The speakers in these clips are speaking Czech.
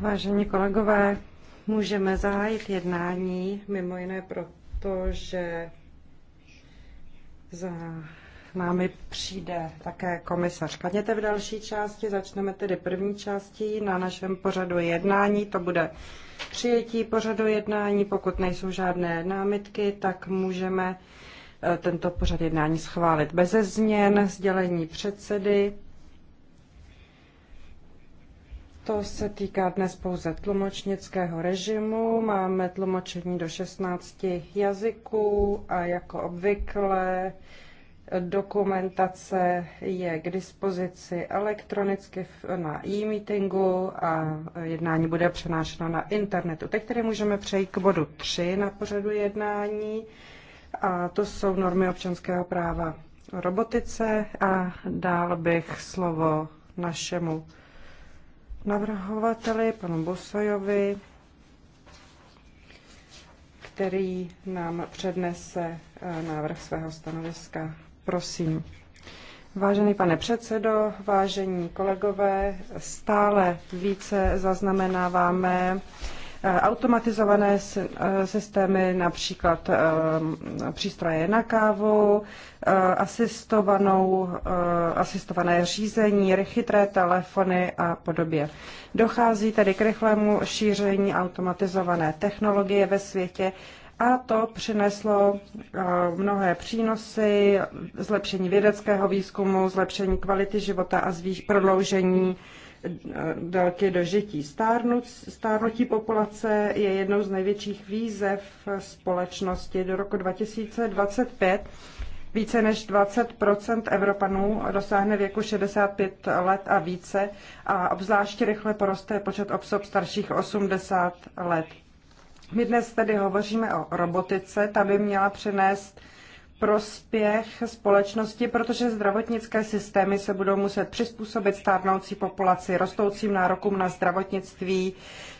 Vážení kolegové, můžeme zahájit jednání, mimo jiné proto, že za námi přijde také komisař Kaněte v další části. Začneme tedy první částí na našem pořadu jednání. To bude přijetí pořadu jednání. Pokud nejsou žádné námitky, tak můžeme eh, tento pořad jednání schválit beze změn, sdělení předsedy. To se týká dnes pouze tlumočnického režimu. Máme tlumočení do 16 jazyků a jako obvykle dokumentace je k dispozici elektronicky na e-meetingu a jednání bude přenášeno na internetu. Teď tedy můžeme přejít k bodu 3 na pořadu jednání a to jsou normy občanského práva robotice a dál bych slovo našemu navrhovateli, panu Bosojovi, který nám přednese eh, návrh svého stanoviska. Prosím. Vážený pane předsedo, vážení kolegové, stále více zaznamenáváme Eh, automatizované eh, systémy, například eh, přístroje na kávu, asistovanou, asistované řízení, chytré telefony a podobně. Dochází tedy k rychlému šíření automatizované technologie ve světě a to přineslo mnohé přínosy, zlepšení vědeckého výzkumu, zlepšení kvality života a zvýš- prodloužení délky dožití. Stárnutí populace je jednou z největších výzev společnosti. Do roku 2025 více než 20 Evropanů dosáhne věku 65 let a více a obzvláště rychle poroste počet osob starších 80 let. My dnes tedy hovoříme o robotice, ta by měla přinést prospěch společnosti, protože zdravotnické systémy se budou muset přizpůsobit stárnoucí populaci, rostoucím nárokům na zdravotnictví.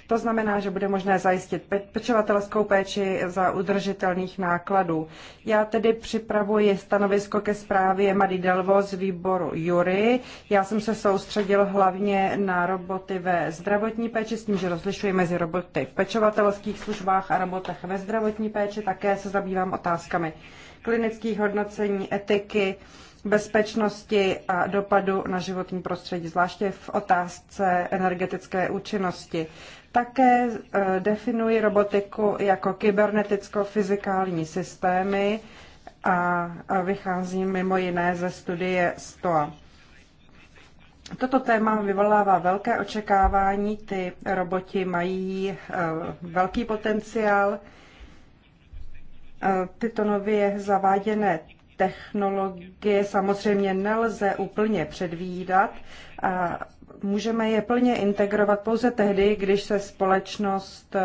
To znamená, že bude možné zajistit pečovatelskou péči za udržitelných nákladů. Já tedy připravuji stanovisko ke zprávě Mady Delvo z výboru Jury. Já jsem se soustředil hlavně na roboty ve zdravotní péči, s tím, že rozlišuji mezi roboty v pečovatelských službách a robotech ve zdravotní péči. Také se zabývám otázkami klinických hodnocení, etiky, bezpečnosti a dopadu na životní prostředí, zvláště v otázce energetické účinnosti. Také e, definuji robotiku jako kyberneticko-fyzikální systémy a vycházím mimo jiné ze studie STOA. Toto téma vyvolává velké očekávání, ty roboti mají e, velký potenciál. Tyto nově zaváděné technologie samozřejmě nelze úplně předvídat a můžeme je plně integrovat pouze tehdy, když se společnost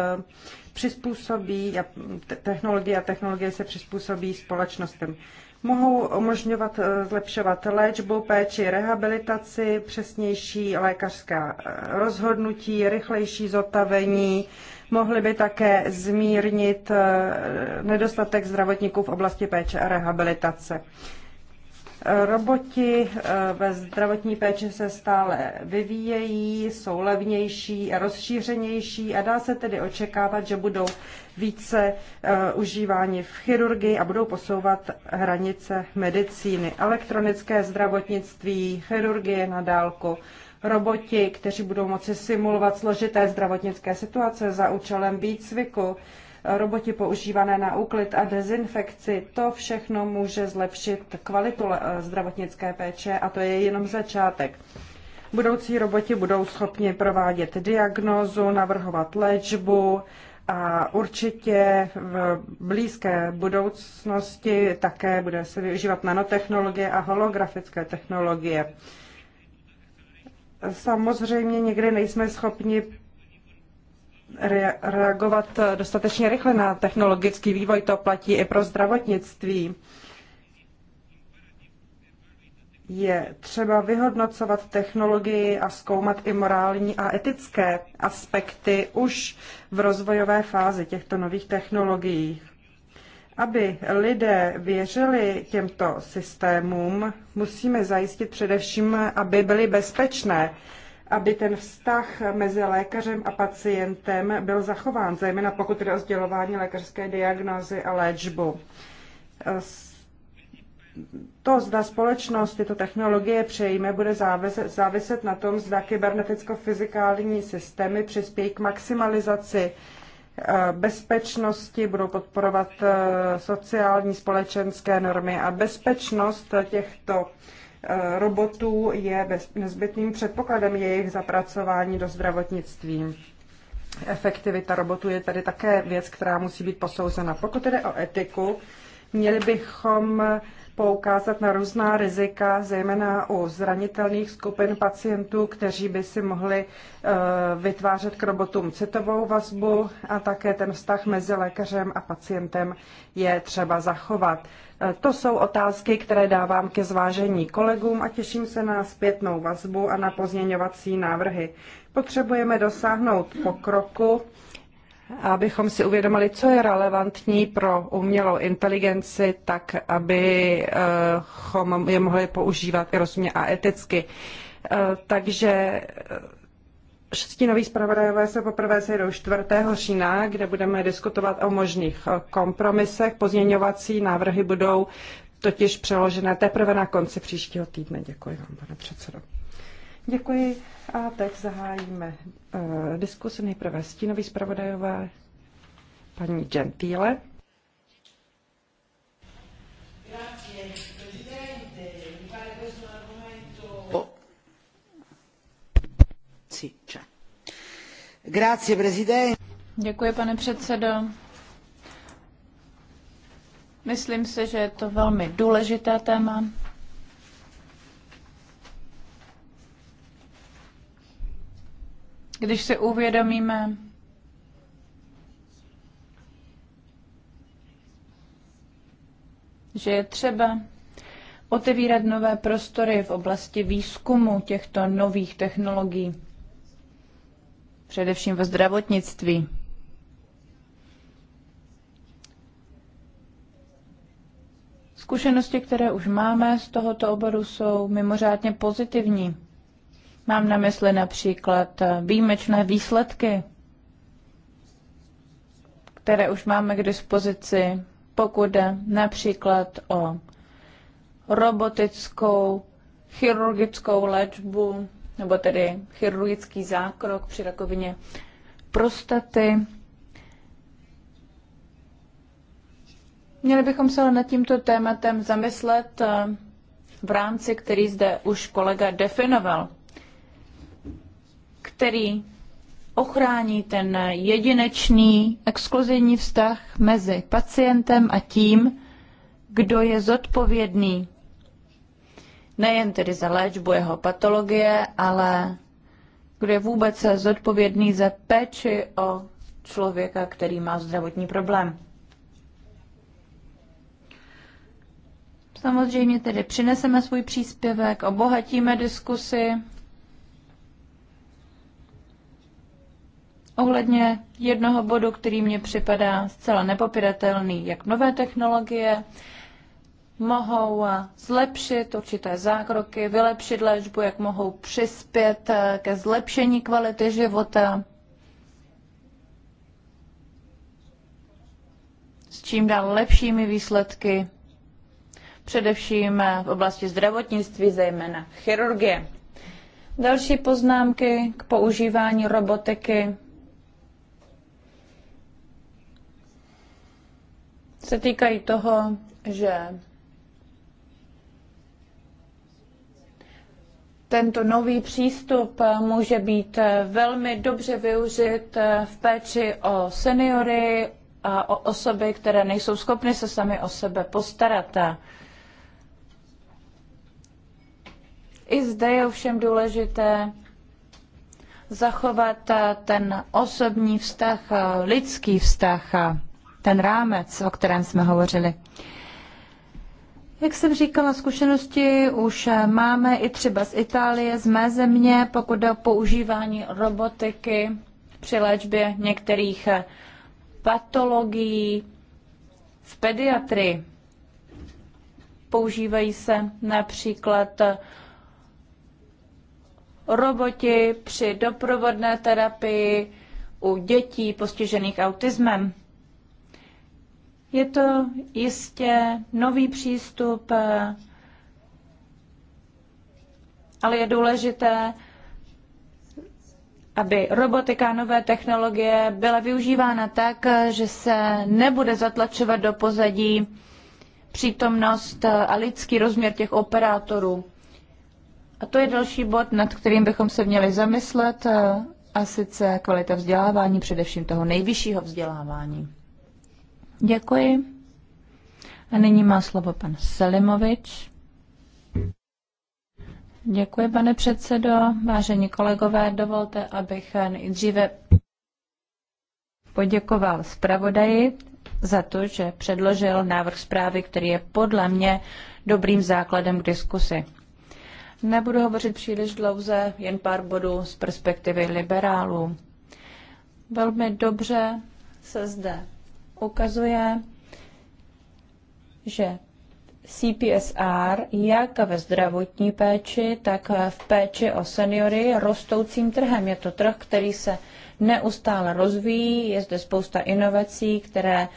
přizpůsobí, technologie a technologie se přizpůsobí společnostem. Mohou umožňovat eh, zlepšovat léčbu, péči, rehabilitaci, přesnější lékařská eh, rozhodnutí, rychlejší zotavení, mohly by také zmírnit eh, nedostatek zdravotníků v oblasti péče a rehabilitace. Roboti eh, ve zdravotní péči se stále vyvíjejí, jsou levnější a rozšířenější a dá se tedy očekávat, že budou více užívání eh, užíváni v chirurgii a budou posouvat hranice medicíny. Elektronické zdravotnictví, chirurgie na dálku, roboti, kteří budou moci simulovat složité zdravotnické situace za účelem výcviku, roboti používané na úklid a dezinfekci, to všechno může zlepšit kvalitu eh, zdravotnické péče a to je jenom začátek. Budoucí roboti budou schopni provádět diagnózu, navrhovat léčbu a určitě v blízké budoucnosti také bude se využívat nanotechnologie a holografické technologie. Samozřejmě někdy nejsme schopni reagovat dostatečně rychle na technologický vývoj. To platí i pro zdravotnictví. Je třeba vyhodnocovat technologii a zkoumat i morální a etické aspekty už v rozvojové fázi těchto nových technologií. Aby lidé věřili těmto systémům, musíme zajistit především, aby byly bezpečné aby ten vztah mezi lékařem a pacientem byl zachován, zejména pokud jde o sdělování lékařské diagnózy a léčbu. To, zda společnost tyto technologie přejme, bude záviset na tom, zda kyberneticko-fyzikální systémy přispějí k maximalizaci eh, bezpečnosti, budou podporovat eh, sociální, společenské normy a bezpečnost těchto Eh, robotů je nezbytným předpokladem jejich zapracování do zdravotnictví. Efektivita robotů je tady také věc, která musí být posouzena. Pokud jde o etiku, měli bychom poukázat na různá rizika, zejména u zranitelných skupin pacientů, kteří by si mohli eh, vytvářet k robotům citovou vazbu a také ten vztah mezi lékařem a pacientem je třeba zachovat. Eh, to jsou otázky, které dávám ke zvážení kolegům a těším se na zpětnou vazbu a na pozměňovací návrhy. Potřebujeme dosáhnout pokroku abychom si uvědomili, co je relevantní pro umělou inteligenci, tak abychom je mohli používat i rozumně a eticky. E, takže šestinoví zpravodajové se poprvé sejdou 4. října, kde budeme diskutovat o možných kompromisech. Pozměňovací návrhy budou totiž přeložené teprve na konci příštího týdne. Děkuji vám, pane předsedo. Děkuji. A teď zahájíme uh, diskusi nejprve stínový zpravodajové paní Gentile. Děkuji, pane předsedo. Myslím si, že je to velmi důležité téma. Když si uvědomíme, že je třeba otevírat nové prostory v oblasti výzkumu těchto nových technologií, především ve zdravotnictví. Zkušenosti, které už máme z tohoto oboru, jsou mimořádně pozitivní. Mám na mysli například eh, výjimečné výsledky, které už máme k dispozici, pokud jde například o robotickou, chirurgickou léčbu, nebo tedy chirurgický zákrok při rakovině prostaty. Měli bychom se ale nad tímto tématem zamyslet eh, v rámci, který zde už kolega definoval který ochrání ten jedinečný exkluzivní vztah mezi pacientem a tím, kdo je zodpovědný nejen tedy za léčbu jeho patologie, ale kdo je vůbec zodpovědný za péči o člověka, který má zdravotní problém. Samozřejmě tedy přineseme svůj příspěvek, obohatíme diskusy ohledně jednoho bodu, který mě připadá zcela nepopiratelný, jak nové technologie mohou zlepšit určité zákroky, vylepšit léčbu, jak mohou přispět ke zlepšení kvality života. S čím dál lepšími výsledky, především v oblasti zdravotnictví, zejména chirurgie. Další poznámky k používání robotiky se týkají toho, že tento nový přístup může být velmi dobře využit v péči o seniory a o osoby, které nejsou schopny se sami o sebe postarat. I zde je ovšem důležité zachovat ten osobní vztah, lidský vztah ten rámec, o kterém jsme hovořili. Jak jsem říkala, zkušenosti už máme i třeba z Itálie, z mé země, pokud jde o používání robotiky při léčbě některých patologií v pediatrii. Používají se například roboti při doprovodné terapii u dětí postižených autismem. Je to jistě nový přístup, eh, ale je důležité, aby robotika, nové technologie byla využívána tak, že se nebude zatlačovat do pozadí přítomnost eh, a lidský rozměr těch operátorů. A to je další bod, nad kterým bychom se měli zamyslet, eh, a sice kvalita vzdělávání, především toho nejvyššího vzdělávání. Děkuji. A nyní má slovo pan Selimovič. Děkuji, pane předsedo. Vážení kolegové, dovolte, abych nejdříve poděkoval zpravodaji za to, že předložil návrh zprávy, který je podle mě dobrým základem k diskusi. Nebudu hovořit příliš dlouze, jen pár bodů z perspektivy liberálů. Velmi dobře se zde ukazuje, že CPSR jak ve zdravotní péči, tak v péči o seniory je rostoucím trhem. Je to trh, který se neustále rozvíjí, je zde spousta inovací, které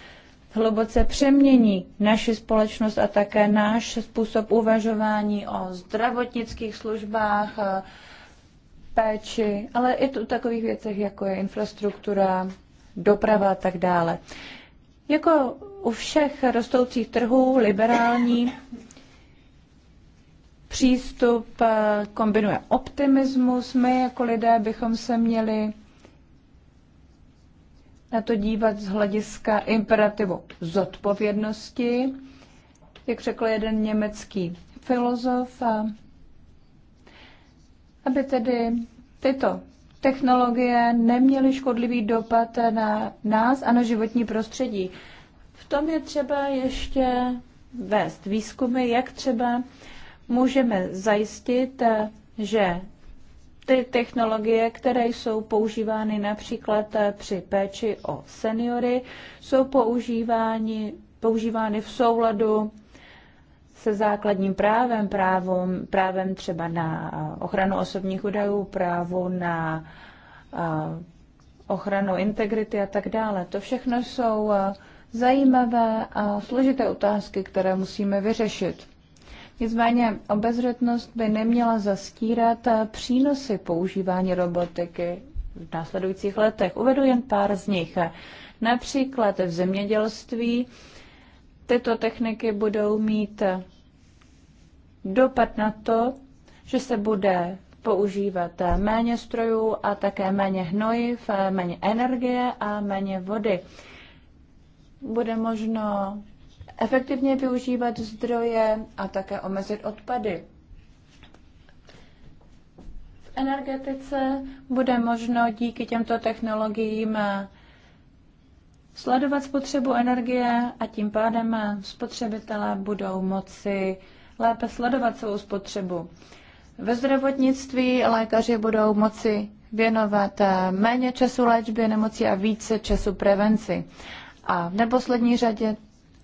hluboce přemění naši společnost a také náš způsob uvažování o zdravotnických službách, eh, péči, ale i tu takových věcech, jako je infrastruktura, doprava a tak dále. Jako u všech rostoucích trhů liberální přístup eh, kombinuje optimismus. My jako lidé bychom se měli na to dívat z hlediska imperativu zodpovědnosti, jak řekl jeden německý filozof, aby tedy tyto technologie neměly škodlivý dopad na nás a na životní prostředí. V tom je třeba ještě vést výzkumy, jak třeba můžeme zajistit, že ty technologie, které jsou používány například při péči o seniory, jsou používány, používány v souladu se základním právem, právom, právem třeba na ochranu osobních údajů, právo na ochranu integrity a tak dále. To všechno jsou zajímavé a složité otázky, které musíme vyřešit. Nicméně obezřetnost by neměla zastírat přínosy používání robotiky v následujících letech. Uvedu jen pár z nich. Například v zemědělství tyto techniky budou mít dopad na to, že se bude používat méně strojů a také méně hnojiv, méně energie a méně vody. Bude možno efektivně využívat zdroje a také omezit odpady. V energetice bude možno díky těmto technologiím sledovat spotřebu energie a tím pádem spotřebitelé budou moci lépe sledovat svou spotřebu. Ve zdravotnictví lékaři budou moci věnovat eh, méně času léčbě nemocí a více času prevenci. A v neposlední řadě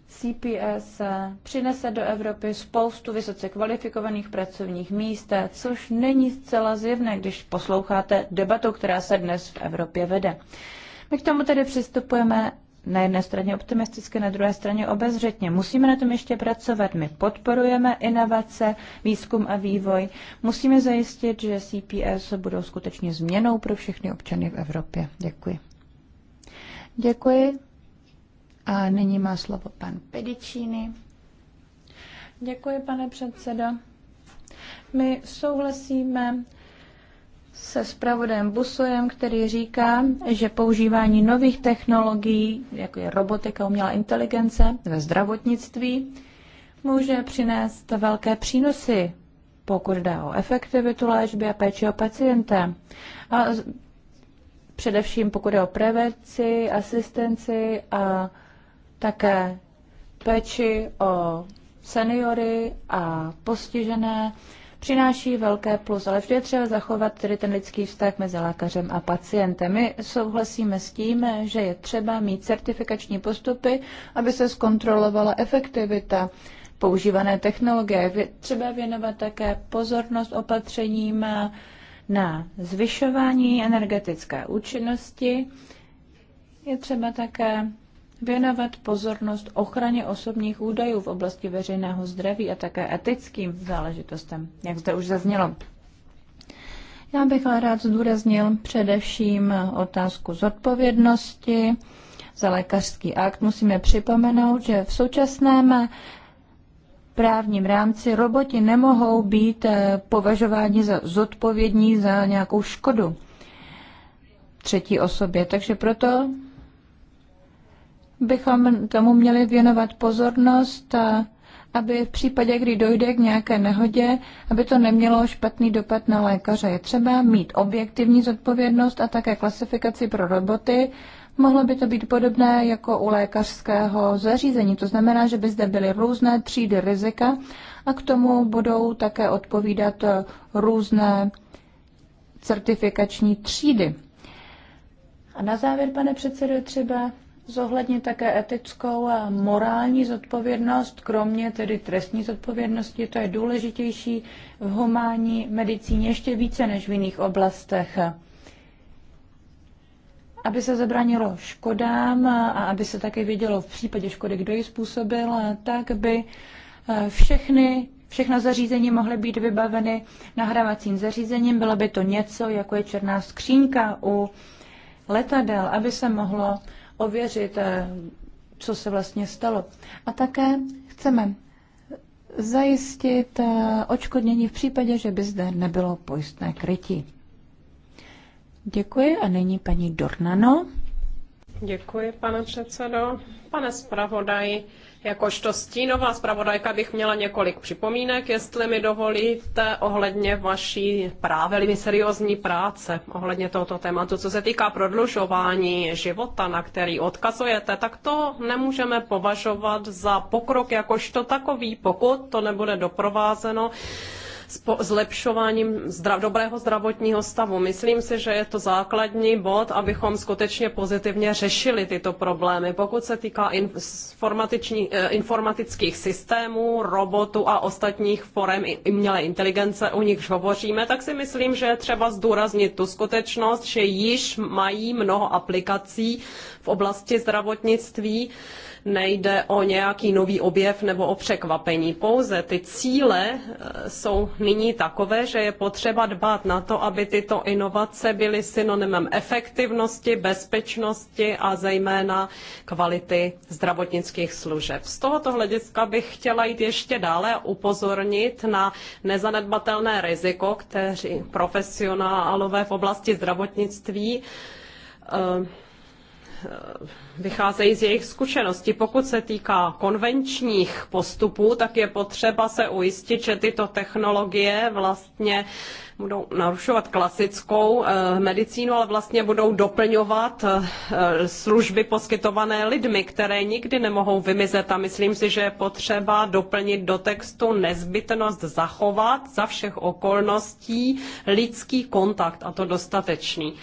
CPS eh, přinese do Evropy spoustu vysoce kvalifikovaných pracovních míst, eh, což není zcela zjevné, když posloucháte debatu, která se dnes v Evropě vede. My k tomu tedy přistupujeme na jedné straně optimisticky, na druhé straně obezřetně. Musíme na tom ještě pracovat. My podporujeme inovace, výzkum a vývoj. Musíme zajistit, že CPS budou skutečně změnou pro všechny občany v Evropě. Děkuji. Děkuji. A nyní má slovo pan Pedicini. Děkuji, pane předsedo. My souhlasíme se zpravodajem Busojem, který říká, že používání nových technologií, jako je robotika, umělá inteligence ve zdravotnictví, může přinést velké přínosy, pokud jde o efektivitu léčby a péči o pacienta. A především pokud jde o prevenci, asistenci a také péči o seniory a postižené přináší velké plus, ale vždy je třeba zachovat tedy ten lidský vztah mezi lékařem a pacientem. My souhlasíme s tím, že je třeba mít certifikační postupy, aby se zkontrolovala efektivita používané technologie. Třeba věnovat také pozornost opatřením na zvyšování energetické účinnosti. Je třeba také věnovat pozornost ochraně osobních údajů v oblasti veřejného zdraví a také etickým záležitostem, jak zde už zaznělo. Já bych ale rád zdůraznil především otázku zodpovědnosti za lékařský akt. Musíme připomenout, že v současném právním rámci roboti nemohou být považováni za zodpovědní za nějakou škodu třetí osobě. Takže proto bychom tomu měli věnovat pozornost, aby v případě, kdy dojde k nějaké nehodě, aby to nemělo špatný dopad na lékaře. Je třeba mít objektivní zodpovědnost a také klasifikaci pro roboty. Mohlo by to být podobné jako u lékařského zařízení. To znamená, že by zde byly různé třídy rizika a k tomu budou také odpovídat různé certifikační třídy. A na závěr, pane předsedo, třeba zohlednit také etickou a morální zodpovědnost, kromě tedy trestní zodpovědnosti. To je důležitější v humánní medicíně ještě více než v jiných oblastech. Aby se zabránilo škodám a aby se také vědělo v případě škody, kdo ji způsobil, tak by eh, všechny Všechna zařízení mohly být vybaveny nahrávacím zařízením. Bylo by to něco, jako je černá skřínka u letadel, aby se mohlo ověřit, eh, co se vlastně stalo. A také chceme zajistit eh, očkodnění v případě, že by zde nebylo pojistné krytí. Děkuji a nyní paní Dornano. Děkuji, pane předsedo. Pane zpravodaji, Jakožto stínová zpravodajka bych měla několik připomínek, jestli mi dovolíte, ohledně vaší právě seriózní práce, ohledně tohoto tématu. Co se týká prodlužování života, na který odkazujete, tak to nemůžeme považovat za pokrok jakožto takový, pokud to nebude doprovázeno s zlepšováním zdrav, dobrého zdravotního stavu. Myslím si, že je to základní bod, abychom skutečně pozitivně řešili tyto problémy. Pokud se týká eh, informatických systémů, robotů a ostatních forem umělé inteligence, o nichž hovoříme, tak si myslím, že je třeba zdůraznit tu skutečnost, že již mají mnoho aplikací v oblasti zdravotnictví nejde o nějaký nový objev nebo o překvapení. Pouze ty cíle eh, jsou nyní takové, že je potřeba dbát na to, aby tyto inovace byly synonymem efektivnosti, bezpečnosti a zejména kvality zdravotnických služeb. Z tohoto hlediska bych chtěla jít ještě dále a upozornit na nezanedbatelné riziko, kteří profesionálové v oblasti zdravotnictví eh, Eh, vycházejí z jejich zkušeností. Pokud se týká konvenčních postupů, tak je potřeba se ujistit, že tyto technologie vlastně budou narušovat klasickou eh, medicínu, ale vlastně budou doplňovat eh, služby poskytované lidmi, které nikdy nemohou vymizet. A myslím si, že je potřeba doplnit do textu nezbytnost zachovat za všech okolností lidský kontakt, a to dostatečný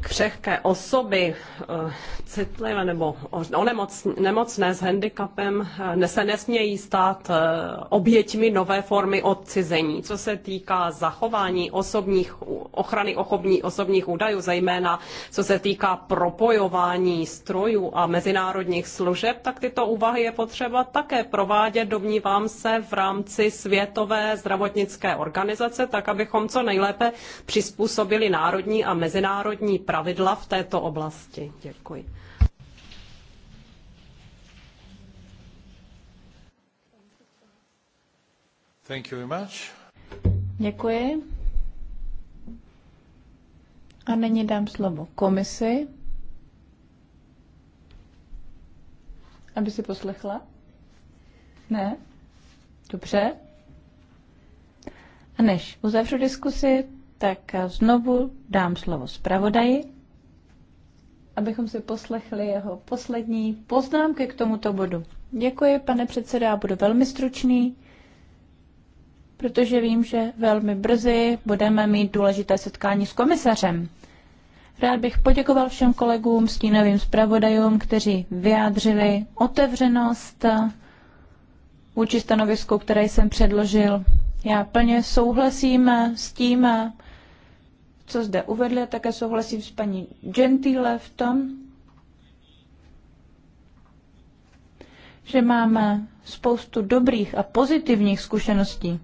křehké osoby, eh, citlivé nebo nemocné s handicapem eh, se nesmějí stát eh, oběťmi nové formy odcizení. Co se týká zachování osobních, ochrany ochobní, osobních údajů, zejména co se týká propojování strojů a mezinárodních služeb, tak tyto úvahy je potřeba také provádět, domnívám se, v rámci Světové zdravotnické organizace, tak abychom co nejlépe přizpůsobili národní a mezinárodní konkrétní pravidla v této oblasti. Děkuji. Thank you very much. Děkuji. A nyní dám slovo komisi, aby si poslechla. Ne? Dobře. A než uzavřu diskusi, tak znovu dám slovo zpravodaji, abychom si poslechli jeho poslední poznámky k tomuto bodu. Děkuji, pane předseda, budu velmi stručný, protože vím, že velmi brzy budeme mít důležité setkání s komisařem. Rád bych poděkoval všem kolegům, stínovým zpravodajům, kteří vyjádřili otevřenost vůči stanovisku, které jsem předložil. Já plně souhlasím s tím, co zde uvedli, a také souhlasím s paní Gentile v tom, že máme spoustu dobrých a pozitivních zkušeností.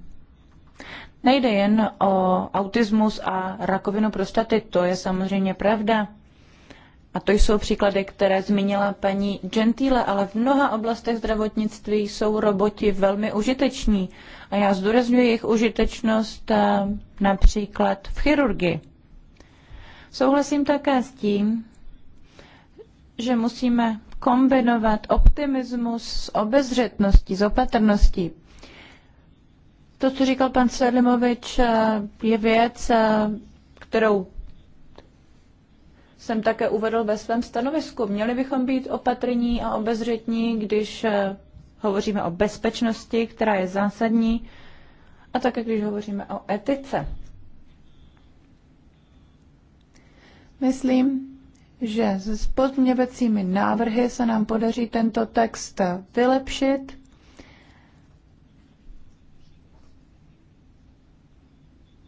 Nejde jen o autismus a rakovinu prostaty, to je samozřejmě pravda. A to jsou příklady, které zmínila paní Gentile, ale v mnoha oblastech zdravotnictví jsou roboti velmi užiteční. A já zdůrazňuji jejich užitečnost eh, například v chirurgii. Souhlasím také s tím, že musíme kombinovat optimismus s obezřetností, s opatrností. To, co říkal pan Sedlimovič, je věc, kterou jsem také uvedl ve svém stanovisku. Měli bychom být opatrní a obezřetní, když hovoříme o bezpečnosti, která je zásadní, a také když hovoříme o etice. Myslím, že s pozměňovacími návrhy se nám podaří tento text vylepšit.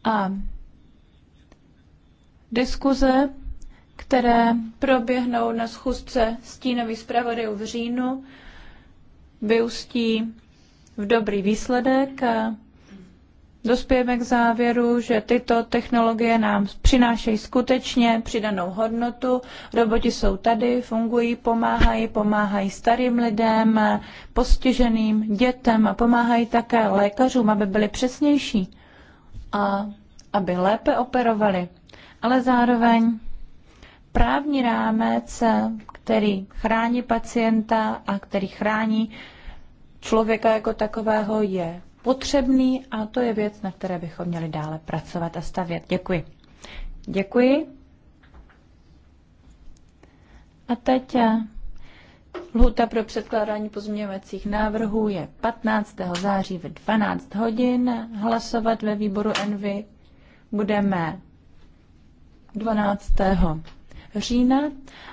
A diskuze, které proběhnou na schůzce stínových zpravodajů v říjnu, vyústí v dobrý výsledek. A dospějeme k závěru, že tyto technologie nám přinášejí skutečně přidanou hodnotu. Roboti jsou tady, fungují, pomáhají, pomáhají starým lidem, postiženým, dětem a pomáhají také lékařům, aby byli přesnější a aby lépe operovali. Ale zároveň právní rámec, který chrání pacienta a který chrání člověka jako takového, je potřebný a to je věc, na které bychom měli dále pracovat a stavět. Děkuji. Děkuji. A teď eh, lhuta pro předkládání pozměňovacích návrhů je 15. září ve 12 hodin. Hlasovat ve výboru Envy budeme 12. října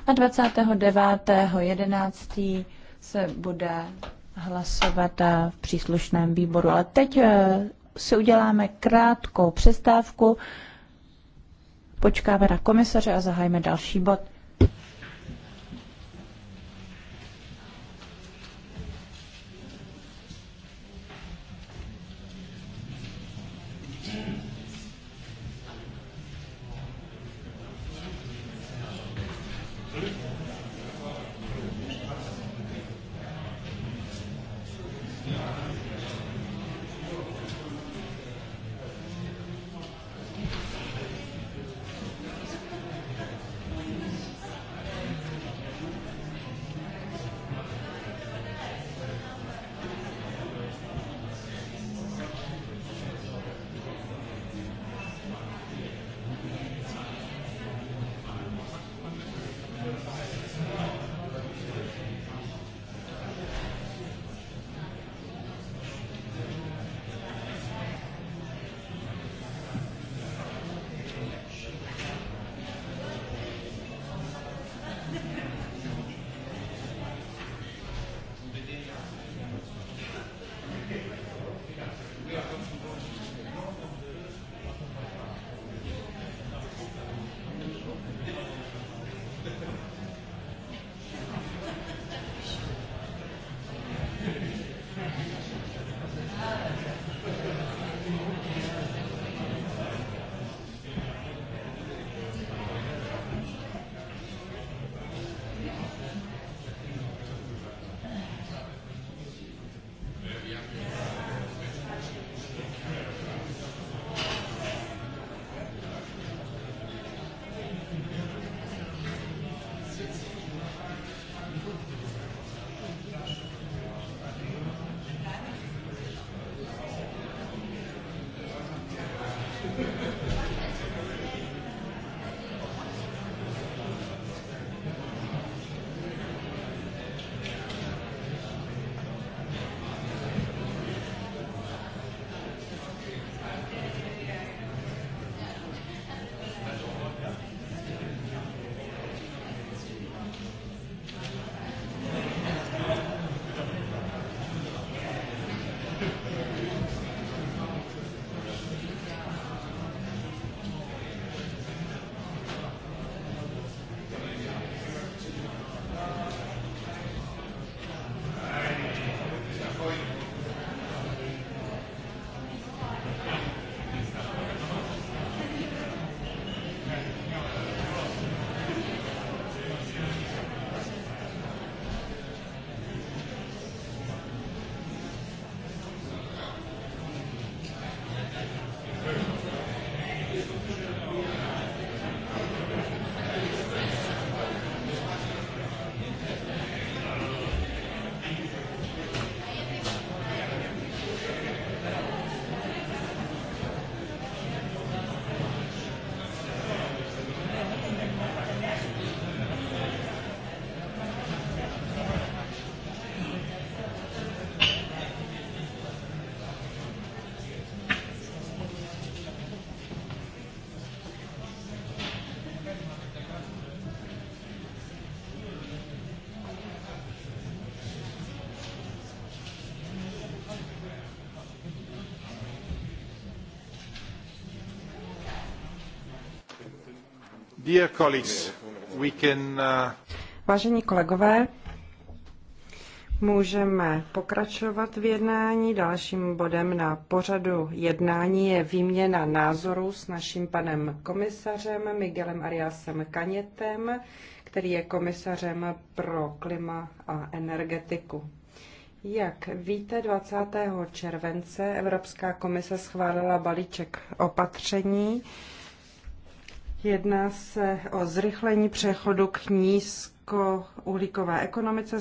a 29. 11. se bude hlasovat v příslušném výboru. Ale teď eh, si uděláme krátkou přestávku, počkáme na komisaře a zahájíme další bod. Uh, Vážení kolegové, můžeme pokračovat v jednání. Dalším bodem na pořadu jednání je výměna názorů s naším panem komisařem Miguelem Ariasem Kanětem, který je komisařem pro klima a energetiku. Jak víte, 20. července Evropská komise schválila balíček opatření, Jedná se o zrychlení přechodu k nízkouhlíkové ekonomice.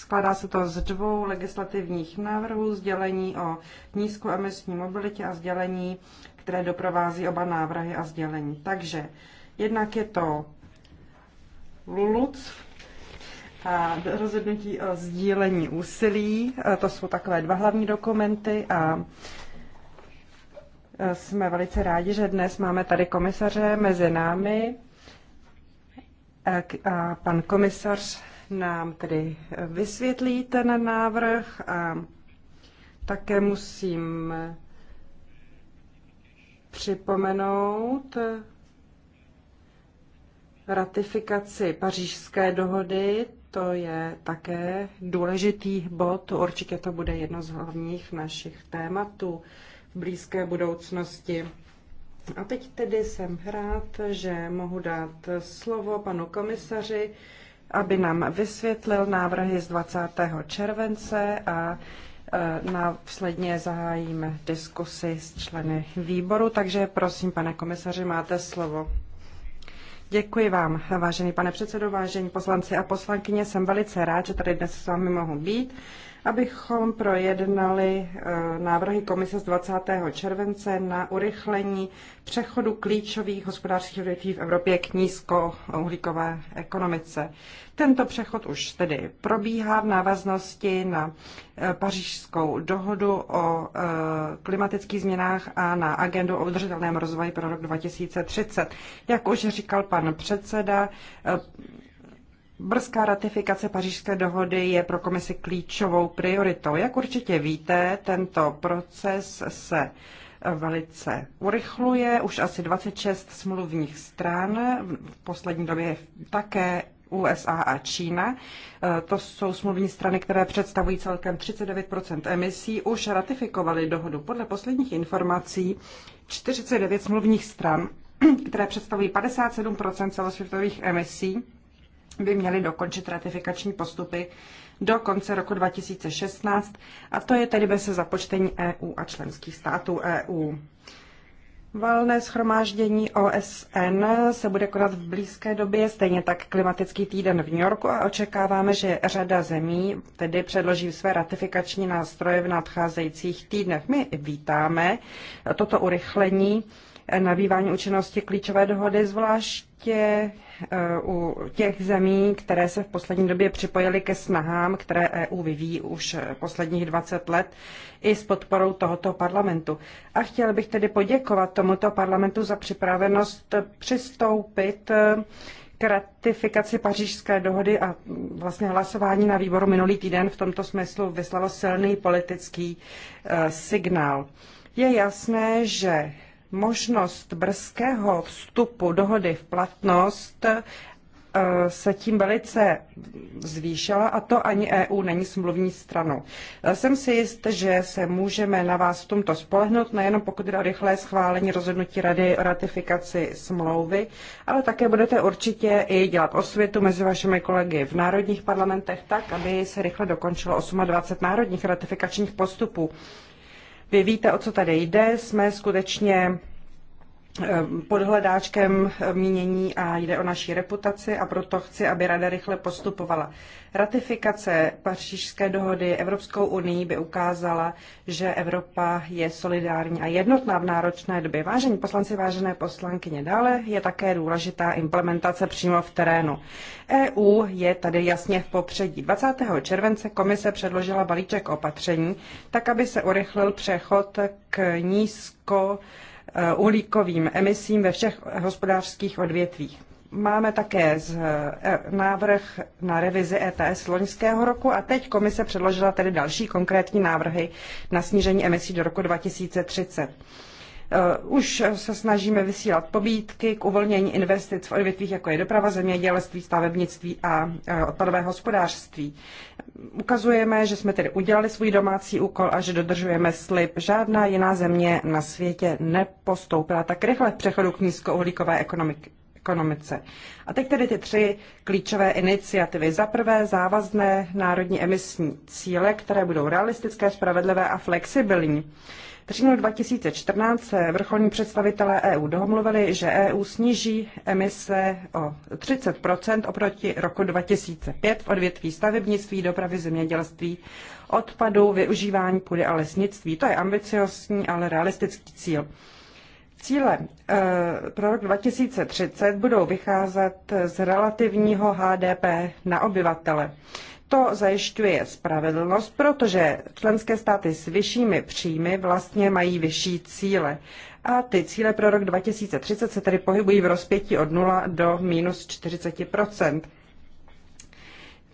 Skládá se to z dvou legislativních návrhů, sdělení o nízkoemisní mobilitě a sdělení, které doprovází oba návrhy a sdělení. Takže jednak je to LULUC a rozhodnutí o sdílení úsilí. E, to jsou takové dva hlavní dokumenty a jsme velice rádi, že dnes máme tady komisaře mezi námi. A pan komisař nám tedy vysvětlí ten návrh a také musím připomenout ratifikaci pařížské dohody. To je také důležitý bod, určitě to bude jedno z hlavních našich tématů blízké budoucnosti. A teď tedy jsem rád, že mohu dát slovo panu komisaři, aby nám vysvětlil návrhy z 20. července a e, následně zahájíme diskusy s členy výboru. Takže prosím, pane komisaři, máte slovo. Děkuji vám, vážený pane předsedo, vážení poslanci a poslankyně. Jsem velice rád, že tady dnes s vámi mohu být abychom projednali eh, návrhy komise z 20. července na urychlení přechodu klíčových hospodářských odvětví v Evropě k nízkouhlíkové ekonomice. Tento přechod už tedy probíhá v návaznosti na eh, pařížskou dohodu o eh, klimatických změnách a na agendu o udržitelném rozvoji pro rok 2030. Jak už říkal pan předseda, Brzká ratifikace pařížské dohody je pro komisi klíčovou prioritou. Jak určitě víte, tento proces se velice urychluje. Už asi 26 smluvních stran, v poslední době také USA a Čína. E, to jsou smluvní strany, které představují celkem 39 emisí, už ratifikovaly dohodu. Podle posledních informací 49 smluvních stran, které představují 57 celosvětových emisí, by měly dokončit ratifikační postupy do konce roku 2016, a to je tedy bez započtení EU a členských států EU. Valné schromáždění OSN se bude konat v blízké době, stejně tak klimatický týden v New Yorku a očekáváme, že řada zemí tedy předloží své ratifikační nástroje v nadcházejících týdnech. My vítáme toto urychlení nabývání účinnosti klíčové dohody, zvlášť zvláště eh, u těch zemí, které se v poslední době připojily ke snahám, které EU vyvíjí už posledních 20 let, i s podporou tohoto parlamentu. A chtěl bych tedy poděkovat tomuto parlamentu za připravenost přistoupit eh, k ratifikaci pařížské dohody a mm, vlastně hlasování na výboru minulý týden v tomto smyslu vyslalo silný politický eh, signál. Je jasné, že možnost brzkého vstupu dohody v platnost eh, se tím velice zvýšila a to ani EU není smluvní stranou. Eh, jsem si jist, že se můžeme na vás v tomto spolehnout, nejenom pokud jde o rychlé schválení rozhodnutí Rady o ratifikaci smlouvy, ale také budete určitě i dělat osvětu mezi vašimi kolegy v národních parlamentech tak, aby se rychle dokončilo 28 národních ratifikačních postupů. Vy víte, o co tady jde. Jsme skutečně Eh, pod hledáčkem eh, mínění a jde o naší reputaci a proto chci, aby Rada rychle postupovala. Ratifikace pařížské dohody Evropskou unii by ukázala, že Evropa je solidární a jednotná v náročné době. Vážení poslanci, vážené poslankyně, dále je také důležitá implementace přímo v terénu. EU je tady jasně v popředí. 20. července komise předložila balíček opatření, tak aby se urychlil přechod k nízko Eh, uhlíkovým emisím ve všech hospodářských odvětvích. Máme také z, eh, návrh na revizi ETS loňského roku a teď komise předložila tedy další konkrétní návrhy na snížení emisí do roku 2030. Eh, už se snažíme vysílat pobídky k uvolnění investic v odvětvích, jako je doprava, zemědělství, stavebnictví a eh, odpadové hospodářství. Ukazujeme, že jsme tedy udělali svůj domácí úkol a že dodržujeme slib. Žádná jiná země na světě nepostoupila tak rychle v přechodu k nízkouhlíkové ekonomiky ekonomice. A teď tedy ty tři klíčové iniciativy. Za prvé závazné národní emisní cíle, které budou realistické, spravedlivé a flexibilní. V říjnu 2014 se vrcholní představitelé EU domluvili, že EU sníží emise o 30 oproti roku 2005 v odvětví stavebnictví, dopravy, zemědělství, odpadu, využívání půdy a lesnictví. To je ambiciozní, ale realistický cíl. Cíle e, pro rok 2030 budou vycházet z relativního HDP na obyvatele. To zajišťuje spravedlnost, protože členské státy s vyššími příjmy vlastně mají vyšší cíle. A ty cíle pro rok 2030 se tedy pohybují v rozpětí od 0 do minus 40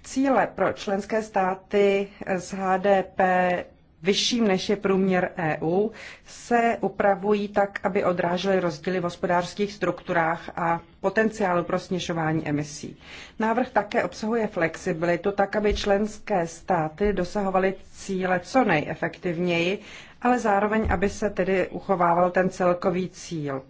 Cíle pro členské státy s HDP vyšším než je průměr EU, se upravují tak, aby odrážely rozdíly v hospodářských strukturách a potenciálu pro snižování emisí. Návrh také obsahuje flexibilitu tak, aby členské státy dosahovaly cíle co nejefektivněji, ale zároveň, aby se tedy uchovával ten celkový cíl.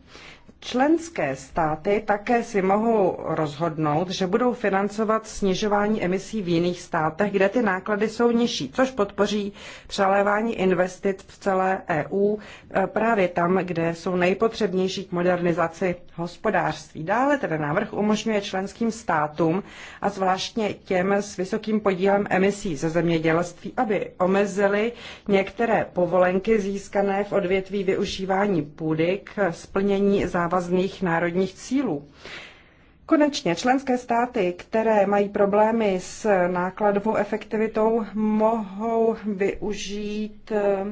Členské státy také si mohou rozhodnout, že budou financovat snižování emisí v jiných státech, kde ty náklady jsou nižší, což podpoří přelévání investic v celé EU e, právě tam, kde jsou nejpotřebnější k modernizaci hospodářství. Dále tedy návrh umožňuje členským státům a zvláštně těm s vysokým podílem emisí ze zemědělství, aby omezili některé povolenky získané v odvětví využívání půdy k splnění závazků závazných národních cílů. Konečně členské státy, které mají problémy s nákladovou efektivitou, mohou využít eh,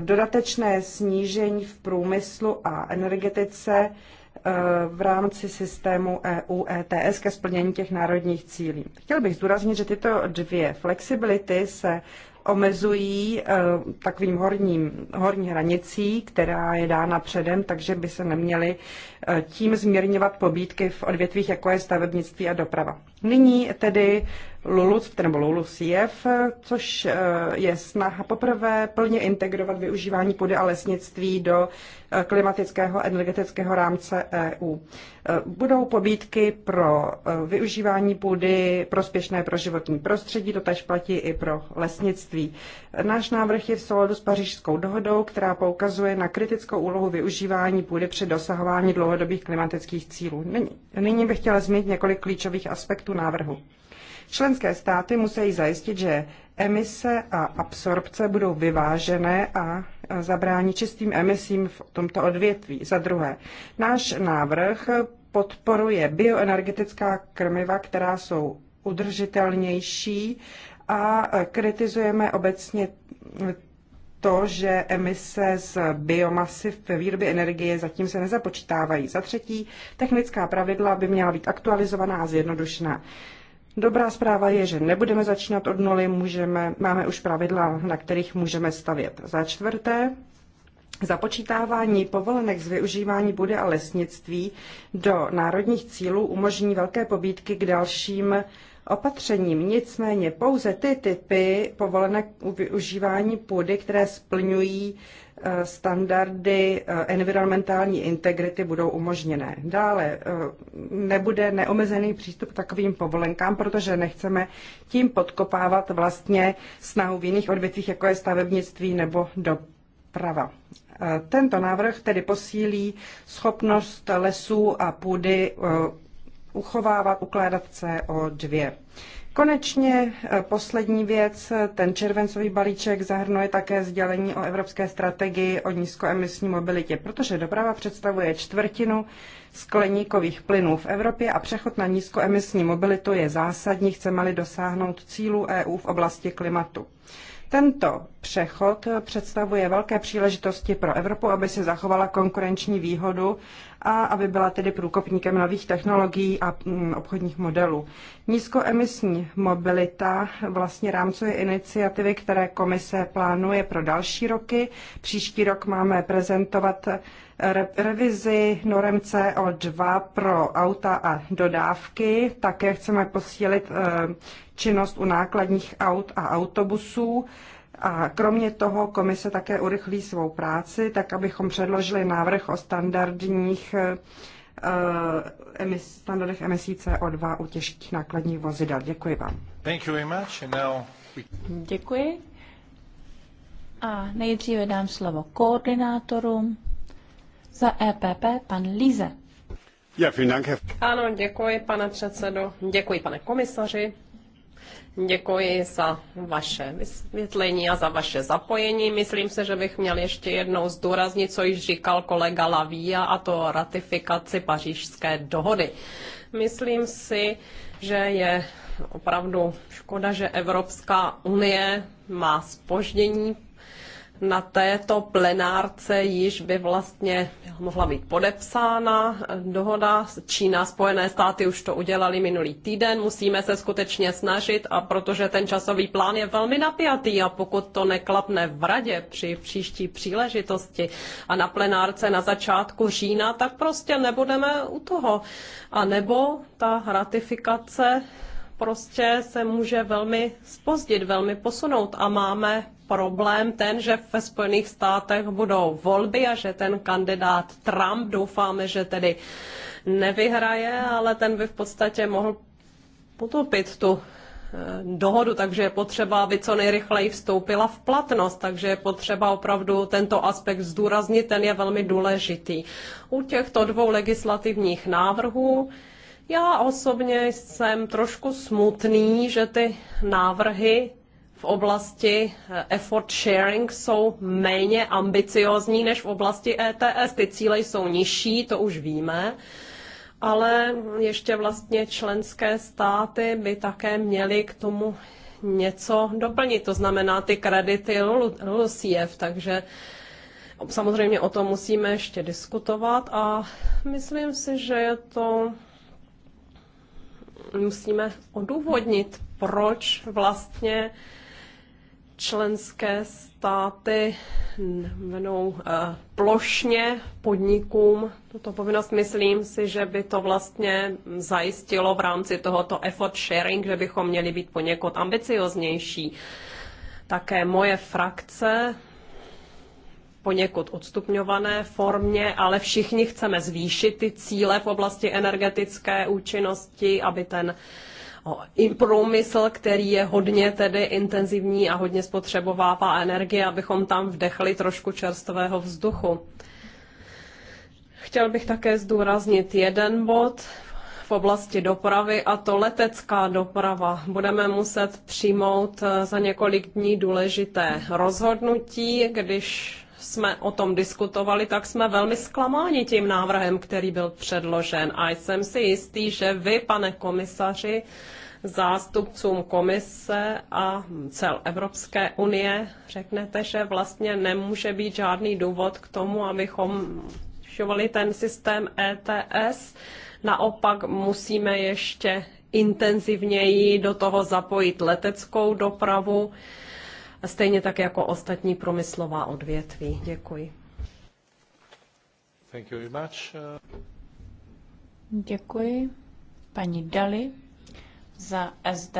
dodatečné snížení v průmyslu a energetice eh, v rámci systému EU ETS ke splnění těch národních cílí. Chtěl bych zdůraznit, že tyto dvě flexibility se omezují eh, takovým horním, horní hranicí, která je dána předem, takže by se neměly eh, tím zmírňovat pobídky v odvětvích, jako je stavebnictví a doprava. Nyní tedy LULUC, nebo jev, což eh, je snaha poprvé plně integrovat využívání půdy a lesnictví do eh, klimatického energetického rámce EU. Eh, budou pobídky pro využívání půdy prospěšné pro životní prostředí, to tež platí i pro lesnictví. Náš návrh je v souladu s pařížskou dohodou, která poukazuje na kritickou úlohu využívání půdy při dosahování dlouhodobých klimatických cílů. Nyní bych chtěla zmínit několik klíčových aspektů návrhu. Členské státy musí zajistit, že emise a absorpce budou vyvážené a e, zabrání čistým emisím v tomto odvětví. Za druhé, náš návrh podporuje bioenergetická krmiva, která jsou udržitelnější a e, kritizujeme obecně to, že emise z biomasy ve výrobě energie zatím se nezapočítávají. Za třetí, technická pravidla by měla být aktualizovaná a zjednodušená. Dobrá zpráva je, že nebudeme začínat od nuly, můžeme, máme už pravidla, na kterých můžeme stavět. Za čtvrté, Započítávání povolenek z využívání bude a lesnictví do národních cílů umožní velké pobídky k dalším opatřením. Nicméně pouze ty typy povolenek u využívání půdy, které splňují Eh, standardy eh, environmentální integrity budou umožněné. Dále eh, nebude neomezený přístup k takovým povolenkám, protože nechceme tím podkopávat vlastně snahu v jiných odvětvích, jako je stavebnictví nebo doprava. Tento návrh tedy posílí schopnost lesů a půdy uchovávat, ukládat CO2. Konečně eh, poslední věc, ten červencový balíček zahrnuje také sdělení o evropské strategii o nízkoemisní mobilitě, protože doprava představuje čtvrtinu skleníkových plynů v Evropě a přechod na nízkoemisní mobilitu je zásadní, chceme-li dosáhnout cílů EU v oblasti klimatu. Tento přechod eh, představuje velké příležitosti pro Evropu, aby si zachovala konkurenční výhodu a aby byla tedy průkopníkem nových technologií a mm, obchodních modelů. Nízkoemisní mobilita vlastně rámcuje iniciativy, které komise plánuje pro další roky. Příští rok máme prezentovat eh, revizi norem CO2 pro auta a dodávky. Také chceme posílit eh, činnost u nákladních aut a autobusů a kromě toho komise také urychlí svou práci, tak abychom předložili návrh o standardních eh, emis, standardech emisí CO2 u těžkých nákladních vozidel. Děkuji vám. Thank you very much. And now we... Děkuji. A nejdříve dám slovo koordinátorům za EPP, pan Líze. Ano, děkuji, pane předsedo. Děkuji, pane komisaři. Děkuji za vaše vysvětlení a za vaše zapojení. Myslím se, že bych měl ještě jednou zdůraznit, co již říkal kolega Lavia, a to ratifikaci pařížské dohody. Myslím si, že je opravdu škoda, že Evropská unie má spoždění na této plenárce již by vlastně mohla být podepsána dohoda. Čína, Spojené státy už to udělali minulý týden. Musíme se skutečně snažit a protože ten časový plán je velmi napjatý a pokud to neklapne v radě při příští příležitosti a na plenárce na začátku října, tak prostě nebudeme u toho. A nebo ta ratifikace prostě se může velmi spozdit, velmi posunout a máme problém ten, že ve Spojených státech budou volby a že ten kandidát Trump, doufáme, že tedy nevyhraje, ale ten by v podstatě mohl potopit tu eh, dohodu, takže je potřeba, aby co nejrychleji vstoupila v platnost, takže je potřeba opravdu tento aspekt zdůraznit, ten je velmi důležitý. U těchto dvou legislativních návrhů já osobně jsem trošku smutný, že ty návrhy v oblasti eh, effort sharing jsou méně ambiciozní než v oblasti ETS. Ty cíle jsou nižší, to už víme, ale ještě vlastně členské státy by také měly k tomu něco doplnit, to znamená ty kredity LUCF, takže samozřejmě o tom musíme ještě diskutovat a myslím si, že je to musíme odůvodnit, proč vlastně členské státy venou eh, plošně podnikům tuto povinnost. Myslím si, že by to vlastně zajistilo v rámci tohoto effort sharing, že bychom měli být poněkud ambicioznější. Také moje frakce poněkud odstupňované formě, ale všichni chceme zvýšit ty cíle v oblasti energetické účinnosti, aby ten průmysl, který je hodně tedy intenzivní a hodně spotřebovává energie, abychom tam vdechli trošku čerstvého vzduchu. Chtěl bych také zdůraznit jeden bod v oblasti dopravy a to letecká doprava. Budeme muset přijmout eh, za několik dní důležité rozhodnutí, když jsme o tom diskutovali, tak jsme velmi zklamáni tím návrhem, který byl předložen. A jsem si jistý, že vy, pane komisaři, zástupcům komise a cel Evropské unie řeknete, že vlastně nemůže být žádný důvod k tomu, abychom šovali ten systém ETS. Naopak musíme ještě intenzivněji do toho zapojit leteckou dopravu stejně tak jako ostatní průmyslová odvětví. Děkuji. Thank you very much. Děkuji paní Dali za SD.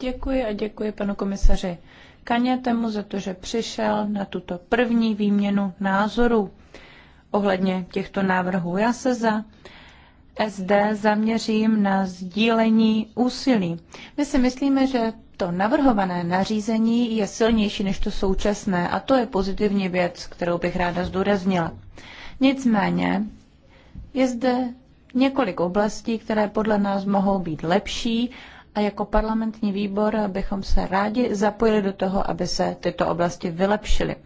Děkuji a děkuji panu komisaři Kanětemu za to, že přišel na tuto první výměnu názorů ohledně těchto návrhů. Já se za SD zaměřím na sdílení úsilí. My si myslíme, že to navrhované nařízení je silnější než to současné a to je pozitivní věc, kterou bych ráda zdůraznila. Nicméně je zde několik oblastí, které podle nás mohou být lepší a jako parlamentní výbor bychom se rádi zapojili do toho, aby se tyto oblasti vylepšily.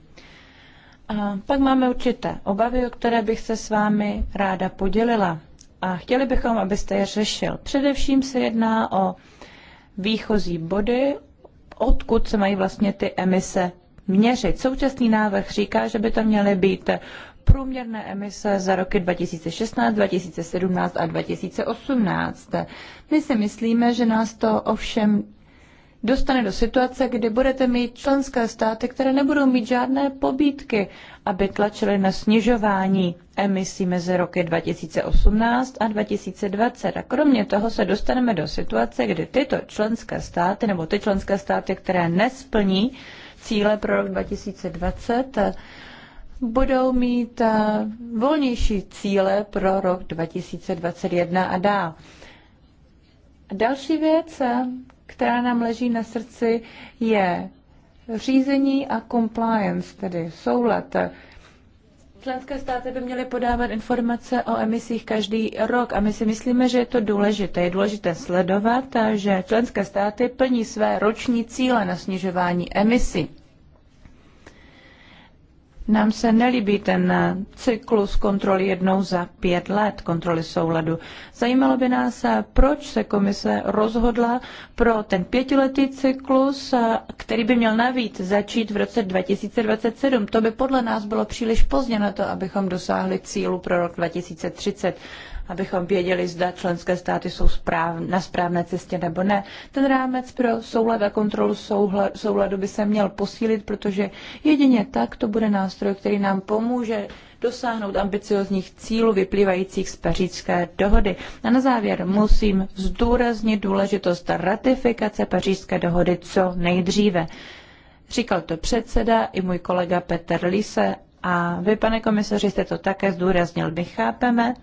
A pak máme určité obavy, o které bych se s vámi ráda podělila. A chtěli bychom, abyste je řešil. Především se jedná o výchozí body, odkud se mají vlastně ty emise měřit. Současný návrh říká, že by to měly být průměrné emise za roky 2016, 2017 a 2018. My si myslíme, že nás to ovšem dostane do situace, kdy budete mít členské státy, které nebudou mít žádné pobídky, aby tlačily na snižování emisí mezi roky 2018 a 2020. A kromě toho se dostaneme do situace, kdy tyto členské státy nebo ty členské státy, které nesplní cíle pro rok 2020, budou mít eh, volnější cíle pro rok 2021 a dál. Další věc, eh, která nám leží na srdci, je řízení a compliance, tedy soulad. Členské státy by měly podávat informace o emisích každý rok a my si myslíme, že je to důležité. Je důležité sledovat, že členské státy plní své roční cíle na snižování emisí. Nám se nelíbí ten eh, cyklus kontroly jednou za pět let, kontroly souladu. Zajímalo by nás, eh, proč se komise rozhodla pro ten pětiletý cyklus, eh, který by měl navíc začít v roce 2027. To by podle nás bylo příliš pozdě na to, abychom dosáhli cílu pro rok 2030 abychom věděli, zda členské státy jsou správ, na správné cestě nebo ne. Ten rámec pro soulad a kontrolu souladu by se měl posílit, protože jedině tak to bude nástroj, který nám pomůže dosáhnout ambiciozních cílů vyplývajících z pařížské dohody. A na závěr musím zdůraznit důležitost ratifikace pařížské dohody co nejdříve. Říkal to předseda i můj kolega Petr Lise a vy, pane komisaři, jste to také zdůraznil. My chápeme,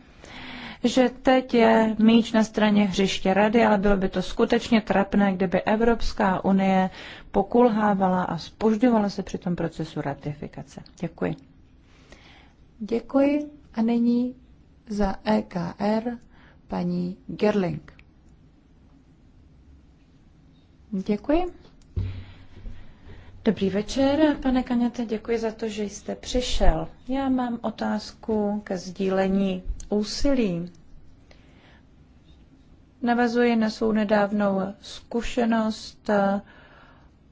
že teď je míč na straně hřiště rady, ale bylo by to skutečně trapné, kdyby Evropská unie pokulhávala a spožďovala se při tom procesu ratifikace. Děkuji. Děkuji a nyní za EKR paní Gerling. Děkuji. Dobrý večer, pane Kaněte, děkuji za to, že jste přišel. Já mám otázku ke sdílení úsilí. Navazuji na svou nedávnou zkušenost eh,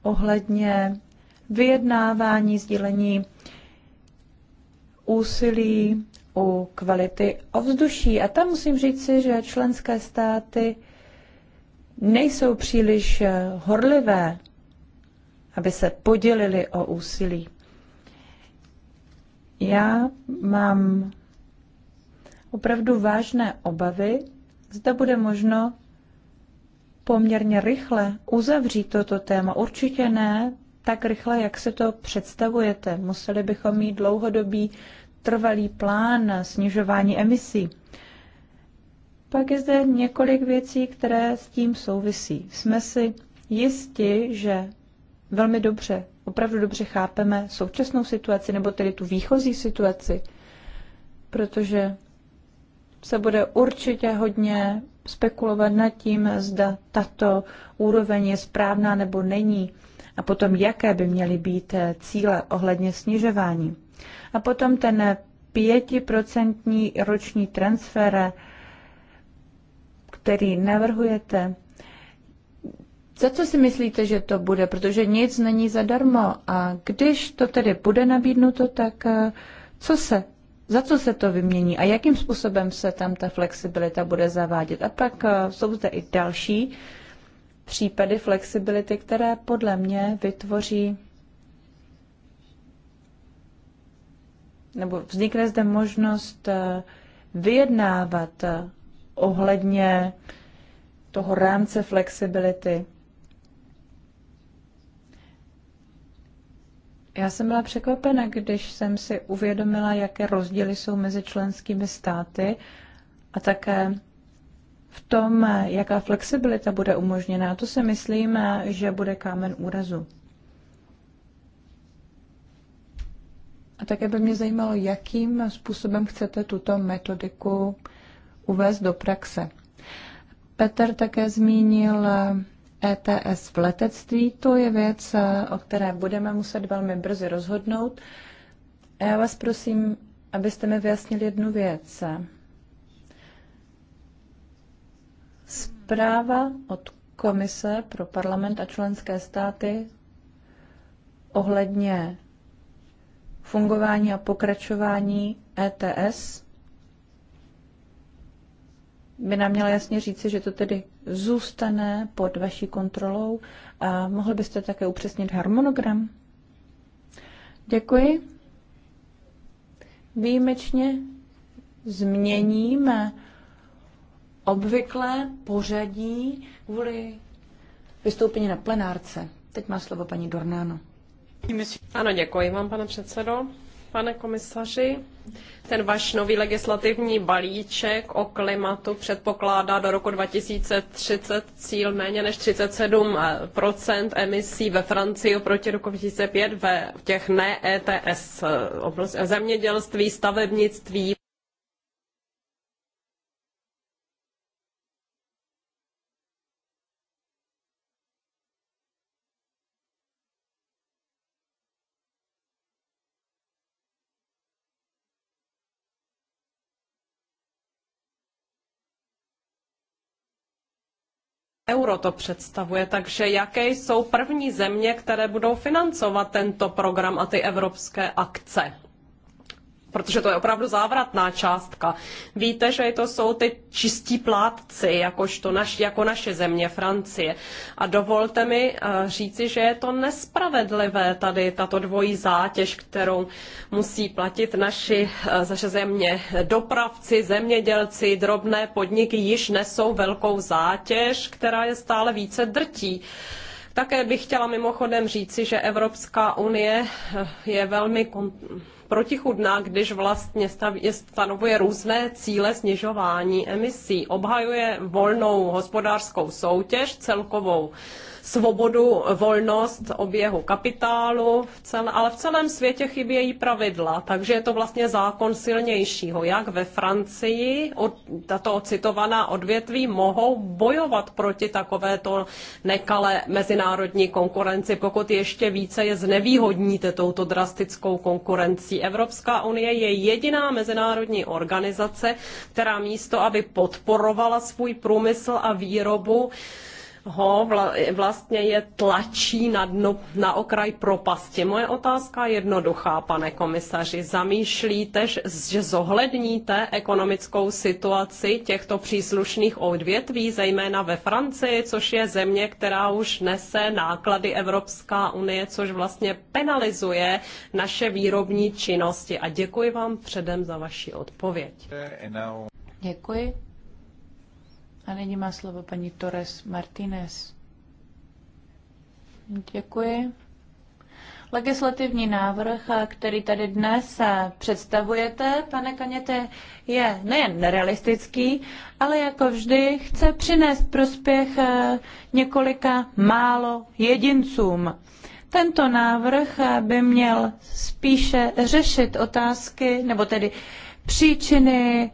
ohledně vyjednávání, sdílení úsilí u kvality ovzduší. A tam musím říci, že členské státy nejsou příliš eh, horlivé, aby se podělili o úsilí. Já mám opravdu vážné obavy, zda bude možno poměrně rychle uzavřít toto téma. Určitě ne tak rychle, jak se to představujete. Museli bychom mít dlouhodobý trvalý plán na snižování emisí. Pak je zde několik věcí, které s tím souvisí. Jsme si jisti, že velmi dobře, opravdu dobře chápeme současnou situaci, nebo tedy tu výchozí situaci, protože se bude určitě hodně spekulovat nad tím, zda tato úroveň je správná nebo není a potom jaké by měly být eh, cíle ohledně snižování. A potom ten pětiprocentní roční transfer, eh, který navrhujete, za co si myslíte, že to bude? Protože nic není zadarmo a když to tedy bude nabídnuto, tak eh, co se za co se to vymění a jakým způsobem se tam ta flexibilita bude zavádět. A pak eh, jsou zde i další případy flexibility, které podle mě vytvoří nebo vznikne zde možnost eh, vyjednávat eh, ohledně toho rámce flexibility Já jsem byla překvapena, když jsem si uvědomila, jaké rozdíly jsou mezi členskými státy a také v tom, jaká flexibilita bude umožněná. To si myslím, že bude kámen úrazu. A také by mě zajímalo, jakým způsobem chcete tuto metodiku uvést do praxe. Petr také zmínil ETS v letectví, to je věc, eh, o které budeme muset velmi brzy rozhodnout. A já vás prosím, abyste mi vyjasnili jednu věc. Zpráva od Komise pro parlament a členské státy ohledně fungování a pokračování ETS by nám měla jasně říci, že to tedy zůstane pod vaší kontrolou. A mohli byste také upřesnit harmonogram? Děkuji. Výjimečně změníme obvyklé pořadí kvůli vystoupení na plenárce. Teď má slovo paní Dornáno. Ano, děkuji vám, pane předsedo pane komisaři. Ten váš nový legislativní balíček o klimatu předpokládá do roku 2030 cíl méně než 37 eh, emisí ve Francii oproti roku 2005 ve těch ne ETS eh, zemědělství, stavebnictví euro to představuje, takže jaké jsou první země, které budou financovat tento program a ty evropské akce? protože to je opravdu závratná částka. Víte, že to jsou ty čistí plátci, naš, jako naše země Francie. A dovolte mi eh, říci, že je to nespravedlivé tady tato dvojí zátěž, kterou musí platit naši eh, naše země. Dopravci, zemědělci, drobné podniky již nesou velkou zátěž, která je stále více drtí. Také bych chtěla mimochodem říci, že Evropská unie eh, je velmi protichudná, když vlastně staví, stanovuje různé cíle snižování emisí. Obhajuje volnou hospodářskou soutěž, celkovou svobodu, volnost oběhu kapitálu, v cel, ale v celém světě chybějí pravidla, takže je to vlastně zákon silnějšího. Jak ve Francii od, tato citovaná odvětví mohou bojovat proti takovéto nekalé mezinárodní konkurenci, pokud ještě více je znevýhodníte touto drastickou konkurencí. Evropská unie je jediná mezinárodní organizace, která místo, aby podporovala svůj průmysl a výrobu, ho vlastně je tlačí na, dno, na okraj propasti. Moje otázka je jednoduchá, pane komisaři. Zamýšlíte, že zohledníte ekonomickou situaci těchto příslušných odvětví, zejména ve Francii, což je země, která už nese náklady Evropská unie, což vlastně penalizuje naše výrobní činnosti. A děkuji vám předem za vaši odpověď. Děkuji. A nyní má slovo paní Torres Martinez. Děkuji. Legislativní návrh, který tady dnes představujete, pane Kaněte, je nejen nerealistický, ale jako vždy chce přinést prospěch eh, několika málo jedincům. Tento návrh eh, by měl spíše řešit otázky, nebo tedy příčiny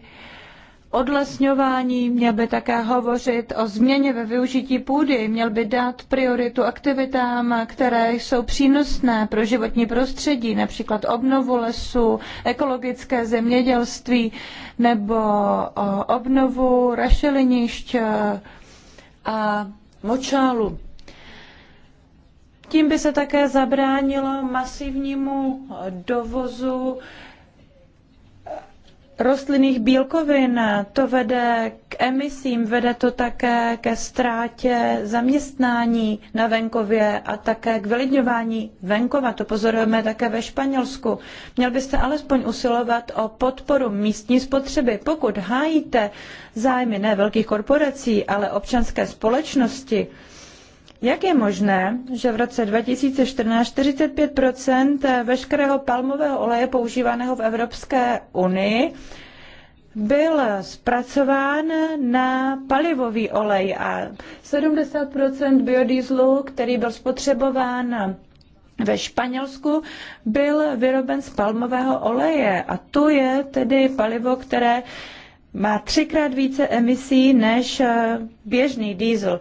odlesňování, měl by také hovořit o změně ve využití půdy, měl by dát prioritu aktivitám, které jsou přínosné pro životní prostředí, například obnovu lesů, ekologické zemědělství nebo obnovu rašelinišť e, a močálu. Tím by se také zabránilo masivnímu dovozu rostlinných bílkovin. To vede k emisím, vede to také ke ztrátě zaměstnání na venkově a také k vylidňování venkova. To pozorujeme také ve Španělsku. Měl byste alespoň usilovat o podporu místní spotřeby. Pokud hájíte zájmy ne velkých korporací, ale občanské společnosti, jak je možné, že v roce 2014 45 veškerého palmového oleje používaného v Evropské unii byl zpracován na palivový olej a 70 biodieselu, který byl spotřebován ve Španělsku, byl vyroben z palmového oleje. A to je tedy palivo, které má třikrát více emisí než běžný diesel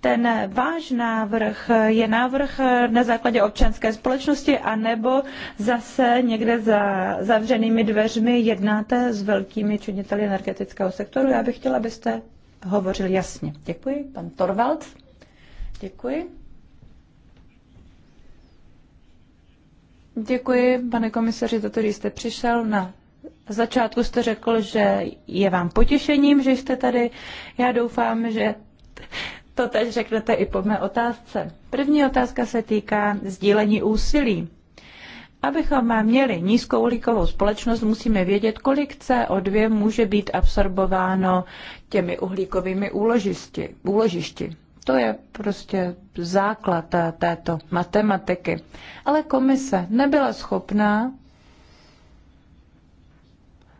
ten váš návrh je návrh na základě občanské společnosti, anebo zase někde za zavřenými dveřmi jednáte s velkými činiteli energetického sektoru? Já bych chtěla, abyste hovořil jasně. Děkuji. Pan Torvald. Děkuji. Děkuji, pane komisaři, za to, že jste přišel na začátku jste řekl, že je vám potěšením, že jste tady. Já doufám, že to teď řeknete i po mé otázce. První otázka se týká sdílení úsilí. Abychom měli nízkouhlíkovou společnost, musíme vědět, kolik CO2 může být absorbováno těmi uhlíkovými úložišti. úložišti. To je prostě základ této matematiky. Ale komise nebyla schopná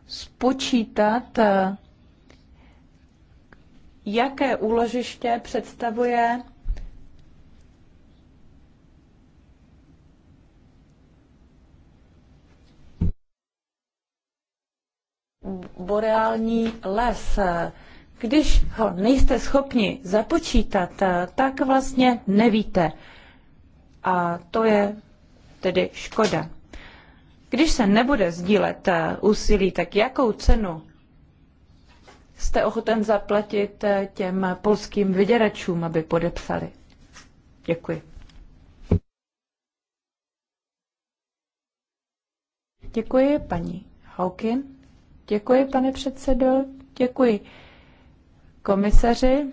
spočítat jaké úložiště představuje boreální les. Když ho nejste schopni započítat, tak vlastně nevíte. A to je tedy škoda. Když se nebude sdílet úsilí, tak jakou cenu jste ochoten zaplatit eh, těm polským vyděračům, aby podepsali? Děkuji. Děkuji, paní Hawkin. Děkuji, pane předsedo. Děkuji, komisaři.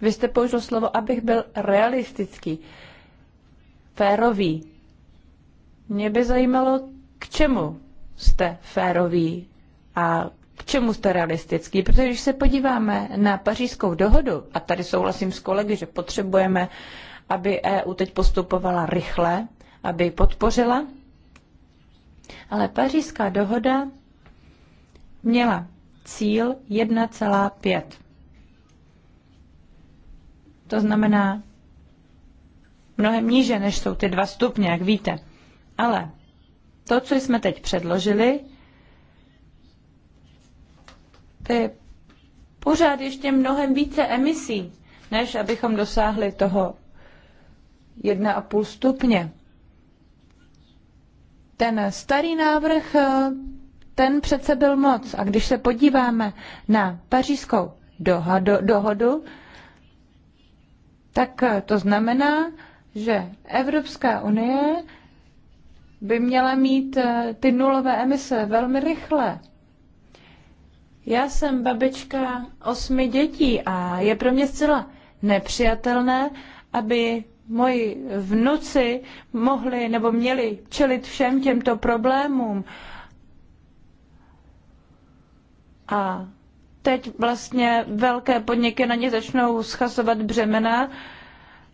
Vy jste použil slovo, abych byl realistický, férový. Mě by zajímalo, k čemu jste férový a k čemu jste realistický? Protože když se podíváme na pařížskou dohodu, a tady souhlasím s kolegy, že potřebujeme, aby EU teď postupovala rychle, aby ji podpořila, ale pařížská dohoda měla cíl 1,5. To znamená mnohem níže, než jsou ty dva stupně, jak víte. Ale to, co jsme teď předložili, je pořád ještě mnohem více emisí, než abychom dosáhli toho 1,5 stupně. Ten starý návrh, eh, ten přece byl moc. A když se podíváme na pařížskou dohodu, dohodu tak eh, to znamená, že Evropská unie by měla mít eh, ty nulové emise velmi rychle. Já jsem babička osmi dětí a je pro mě zcela nepřijatelné, aby moji vnuci mohli nebo měli čelit všem těmto problémům. A teď vlastně velké podniky na ně začnou schazovat břemena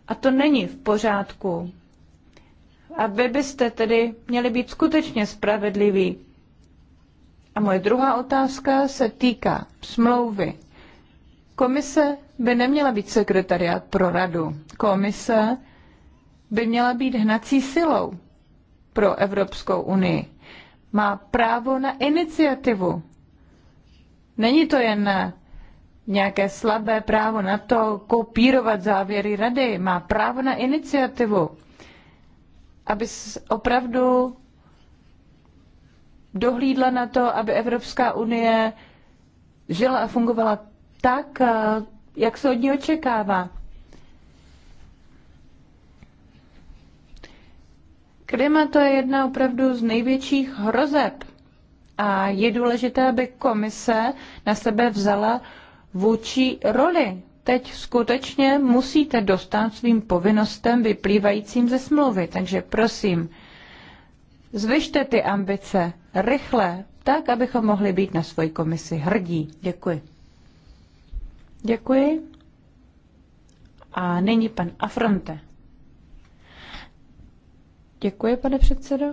a to není v pořádku. A vy byste tedy měli být skutečně spravedliví. A moje druhá otázka se týká smlouvy. Komise by neměla být sekretariát pro radu. Komise by měla být hnací silou pro Evropskou unii. Má právo na iniciativu. Není to jen nějaké slabé právo na to kopírovat závěry rady. Má právo na iniciativu, aby opravdu dohlídla na to, aby Evropská unie žila a fungovala tak, eh, jak se od ní očekává. Klima to je jedna opravdu z největších hrozeb a je důležité, aby komise na sebe vzala vůči roli. Teď skutečně musíte dostat svým povinnostem vyplývajícím ze smlouvy, takže prosím, Zvyšte ty ambice rychle, tak, abychom mohli být na svoji komisi hrdí. Děkuji. Děkuji. A nyní pan Afronte. Děkuji, pane předsedo.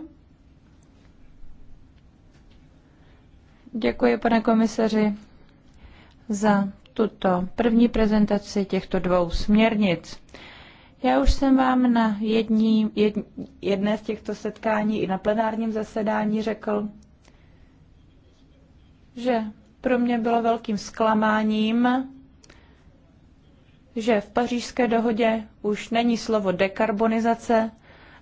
Děkuji, pane komisaři, za tuto první prezentaci těchto dvou směrnic. Já už jsem vám na jední, jed, jedné z těchto setkání i na plenárním zasedání řekl, že pro mě bylo velkým zklamáním, že v pařížské dohodě už není slovo dekarbonizace,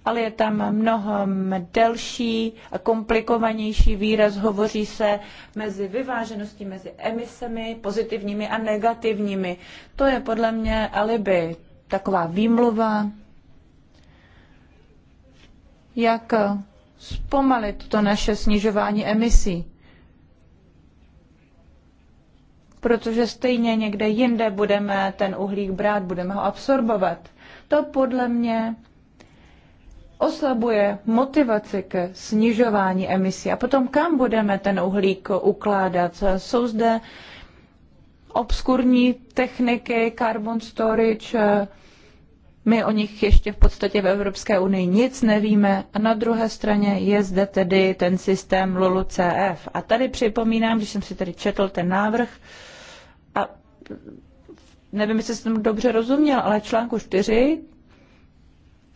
ale je tam mnohem delší a komplikovanější výraz. Hovoří se mezi vyvážeností, mezi emisemi pozitivními a negativními. To je podle mě alibi taková výmluva, jak zpomalit to naše snižování emisí. Protože stejně někde jinde budeme ten uhlík brát, budeme ho absorbovat. To podle mě oslabuje motivaci ke snižování emisí. A potom kam budeme ten uhlík ukládat? Jsou zde obskurní techniky, carbon storage, my o nich ještě v podstatě v Evropské unii nic nevíme a na druhé straně je zde tedy ten systém LULUCF. A tady připomínám, když jsem si tedy četl ten návrh, a nevím, jestli jsem dobře rozuměl, ale článku 4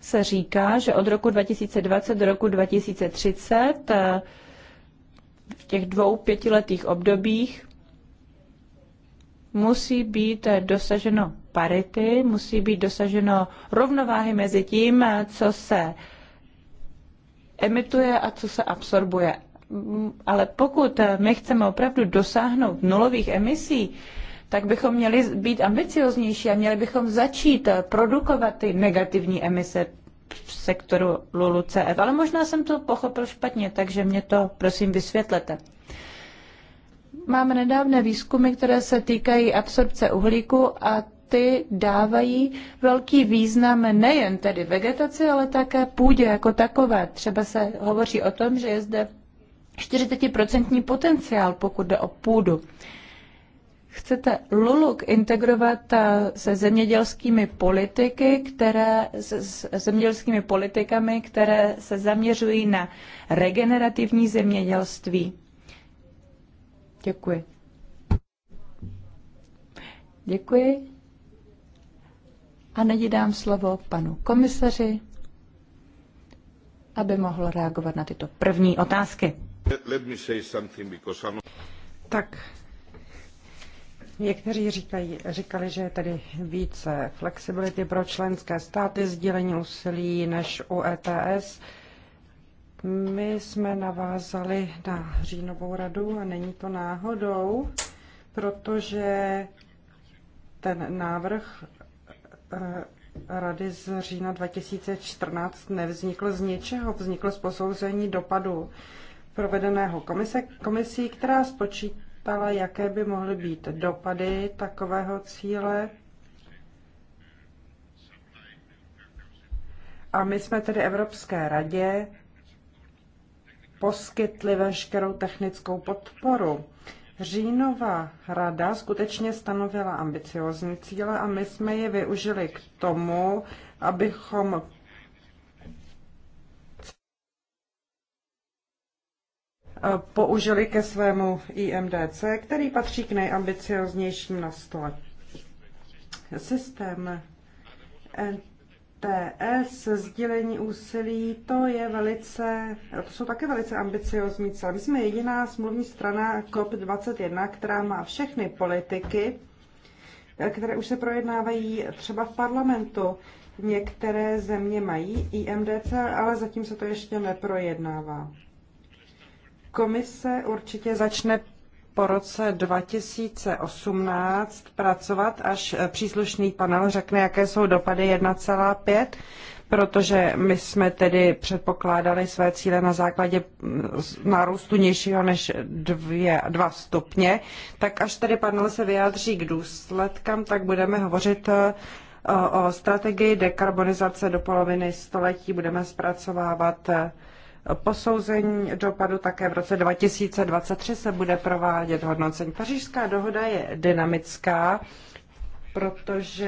se říká, že od roku 2020 do roku 2030 eh, v těch dvou pětiletých obdobích musí být eh, dosaženo parity, musí být dosaženo rovnováhy mezi tím, co se emituje a co se absorbuje. Ale pokud my chceme opravdu dosáhnout nulových emisí, tak bychom měli být ambicioznější a měli bychom začít produkovat ty negativní emise v sektoru LULU-CF. Ale možná jsem to pochopil špatně, takže mě to prosím vysvětlete. Máme nedávné výzkumy, které se týkají absorpce uhlíku a ty dávají velký význam nejen tedy vegetaci, ale také půdě jako takové. Třeba se hovoří o tom, že je zde 40% potenciál, pokud jde o půdu. Chcete LULUK integrovat eh, se zemědělskými politiky, které, se zemědělskými politikami, které se zaměřují na regenerativní zemědělství. Děkuji. Děkuji. A nyní dám slovo panu komisaři, aby mohl reagovat na tyto první otázky. Tak, Někteří říkají, říkali, že je tady více flexibility pro členské státy, sdílení úsilí než u ETS. My jsme navázali na říjnovou radu a není to náhodou, protože ten návrh rady z října 2014 nevznikl z ničeho, vznikl z posouzení dopadu provedeného komise, komisí, která spočítala, jaké by mohly být dopady takového cíle. A my jsme tedy Evropské radě poskytli veškerou technickou podporu. Říjnová rada skutečně stanovila ambiciozní cíle a my jsme je využili k tomu, abychom použili ke svému IMDC, který patří k nejambicioznějším na stole. Systém TS sdílení úsilí, to, je velice, to jsou také velice ambiciozní cíle. My jsme jediná smluvní strana COP21, která má všechny politiky, které už se projednávají třeba v parlamentu. Některé země mají IMDC, ale zatím se to ještě neprojednává. Komise určitě začne po roce 2018 pracovat, až eh, příslušný panel řekne, jaké jsou dopady 1,5, protože my jsme tedy předpokládali své cíle na základě mm, nárůstu nižšího než 2, stupně. Tak až tedy panel se vyjádří k důsledkám, tak budeme hovořit eh, o strategii dekarbonizace do poloviny století. Budeme zpracovávat eh, posouzení dopadu také v roce 2023 se bude provádět hodnocení. Pařížská dohoda je dynamická, protože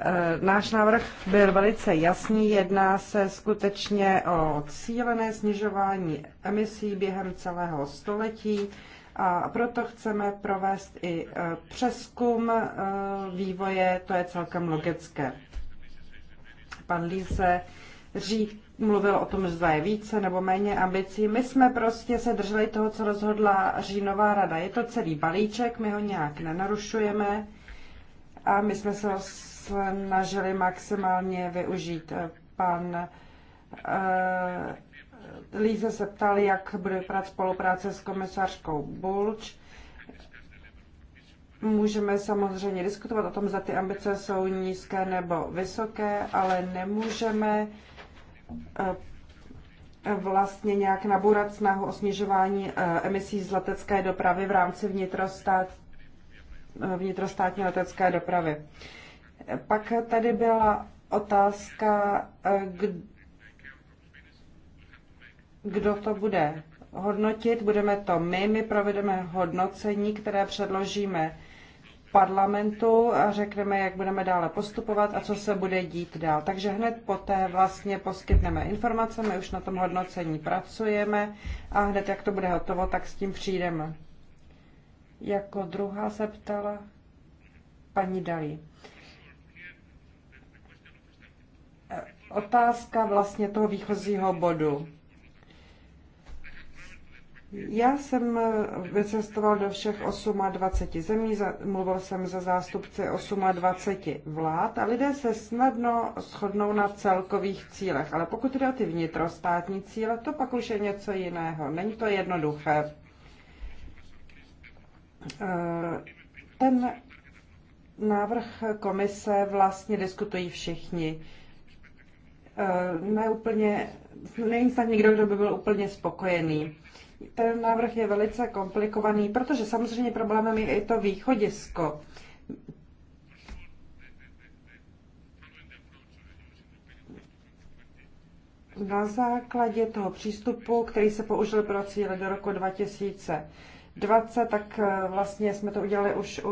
eh, Náš návrh byl velice jasný, jedná se skutečně o cílené snižování emisí během celého století a proto chceme provést i eh, přeskum eh, vývoje, to je celkem logické. Pan Líze řík, mluvil o tom, že je více nebo méně ambicí. My jsme prostě se drželi toho, co rozhodla říjnová rada. Je to celý balíček, my ho nějak nenarušujeme a my jsme se snažili maximálně využít. Pan uh, Líze se ptal, jak bude vypadat spolupráce s komisařkou Bulč. Můžeme samozřejmě diskutovat o tom, zda ty ambice jsou nízké nebo vysoké, ale nemůžeme eh, vlastně nějak naburat snahu o snižování eh, emisí z letecké dopravy v rámci vnitrostát, eh, vnitrostátní letecké dopravy. Pak tady byla otázka, kdo to bude hodnotit. Budeme to my, my provedeme hodnocení, které předložíme parlamentu a řekneme, jak budeme dále postupovat a co se bude dít dál. Takže hned poté vlastně poskytneme informace, my už na tom hodnocení pracujeme a hned, jak to bude hotovo, tak s tím přijdeme. Jako druhá se ptala paní Dalí. Otázka vlastně toho výchozího bodu. Já jsem eh, vycestoval do všech 28 zemí, mluvil jsem za zástupce 28 vlád a lidé se snadno shodnou na celkových cílech, ale pokud jde o ty vnitrostátní cíle, to pak už je něco jiného. Není to jednoduché. Eh, ten návrh komise vlastně diskutují všichni. Eh, Neúplně, není snad někdo, kdo by byl úplně spokojený ten návrh je velice komplikovaný, protože samozřejmě problémem je i to východisko. Na základě toho přístupu, který se použil pro cíle do roku 2020, tak eh, vlastně jsme to udělali už u,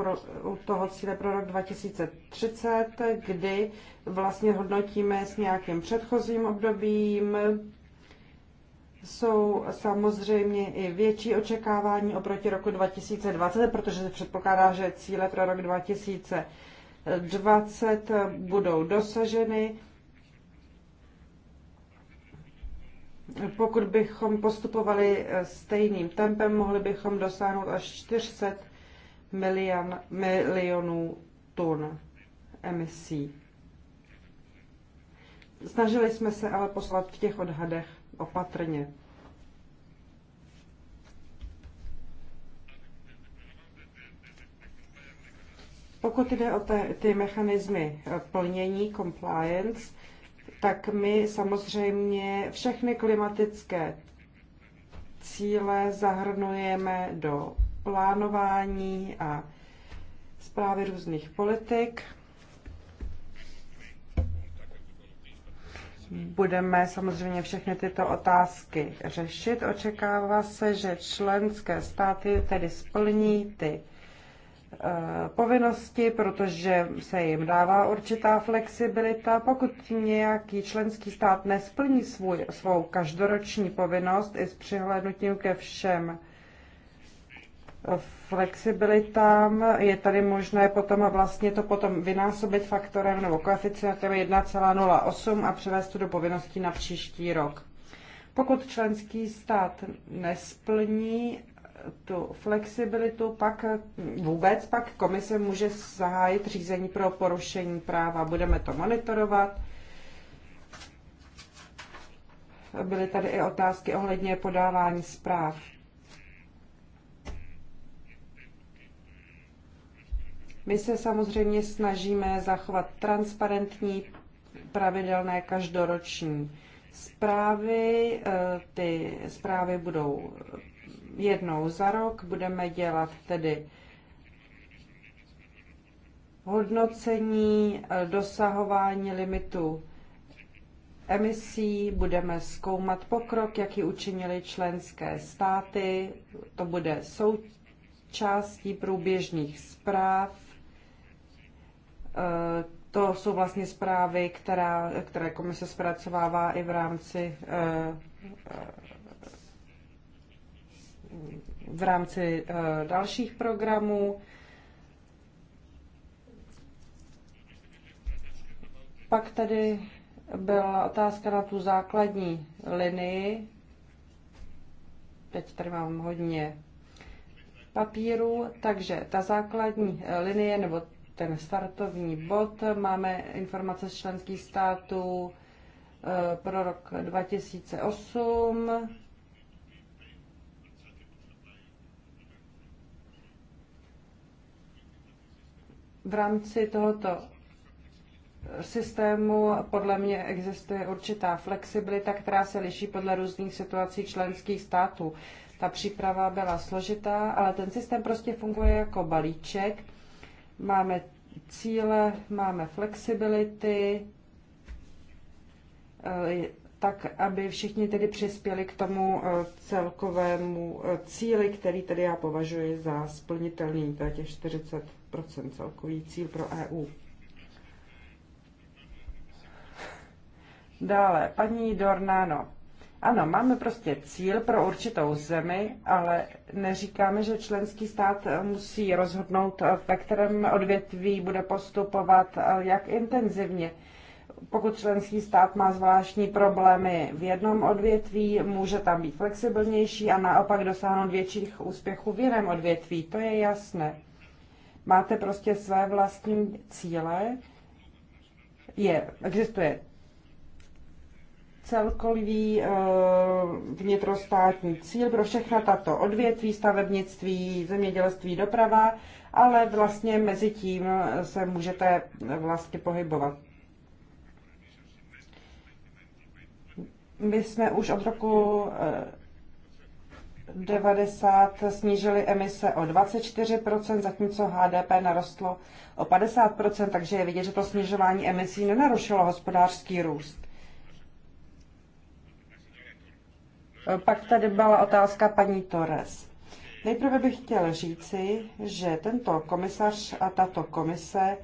u toho cíle pro rok 2030, kdy vlastně hodnotíme s nějakým předchozím obdobím, jsou samozřejmě i větší očekávání oproti roku 2020, protože se předpokládá, že cíle pro rok 2020 budou dosaženy. Pokud bychom postupovali stejným tempem, mohli bychom dosáhnout až 400 milion, milionů tun emisí. Snažili jsme se ale poslat v těch odhadech opatrně. Pokud jde o te, ty mechanismy eh, plnění, compliance, tak my samozřejmě všechny klimatické cíle zahrnujeme do plánování a zprávy různých politik. budeme samozřejmě všechny tyto otázky řešit. Očekává se, že členské státy tedy splní ty e, povinnosti, protože se jim dává určitá flexibilita. Pokud nějaký členský stát nesplní svůj, svou každoroční povinnost i s přihlednutím ke všem flexibilitám. Je tady možné potom vlastně to potom vynásobit faktorem nebo koeficientem 1,08 a převést to do povinností na příští rok. Pokud členský stát nesplní tu flexibilitu, pak vůbec pak komise může zahájit řízení pro porušení práva. Budeme to monitorovat. Byly tady i otázky ohledně podávání zpráv. My se samozřejmě snažíme zachovat transparentní, pravidelné, každoroční zprávy. Eh, ty zprávy budou jednou za rok. Budeme dělat tedy hodnocení eh, dosahování limitu emisí, budeme zkoumat pokrok, jaký učinili členské státy. To bude součástí průběžných zpráv Eh, to jsou vlastně zprávy, která, které komise zpracovává i v rámci eh, v rámci eh, dalších programů. Pak tady byla otázka na tu základní linii. Teď tady mám hodně papíru, takže ta základní linie nebo ten startovní bod. Máme informace z členských států eh, pro rok 2008. V rámci tohoto systému podle mě existuje určitá flexibilita, která se liší podle různých situací členských států. Ta příprava byla složitá, ale ten systém prostě funguje jako balíček Máme cíle, máme flexibility, eh, tak aby všichni tedy přispěli k tomu eh, celkovému eh, cíli, který tedy já považuji za splnitelný, to je těch 40 celkový cíl pro EU. Dále, paní Dornáno. Ano, máme prostě cíl pro určitou zemi, ale neříkáme, že členský stát musí rozhodnout, ve kterém odvětví bude postupovat, jak intenzivně. Pokud členský stát má zvláštní problémy v jednom odvětví, může tam být flexibilnější a naopak dosáhnout větších úspěchů v jiném odvětví. To je jasné. Máte prostě své vlastní cíle. Je, existuje celkový eh, vnitrostátní cíl pro všechna tato odvětví, stavebnictví, zemědělství, doprava, ale vlastně mezi tím se můžete vlastně pohybovat. My jsme už od roku 90 eh, snížili emise o 24%, zatímco HDP narostlo o 50%, takže je vidět, že to snižování emisí nenarušilo hospodářský růst. Eh, pak tady byla otázka paní Torres. Nejprve bych chtěl říci, že tento komisař a tato komise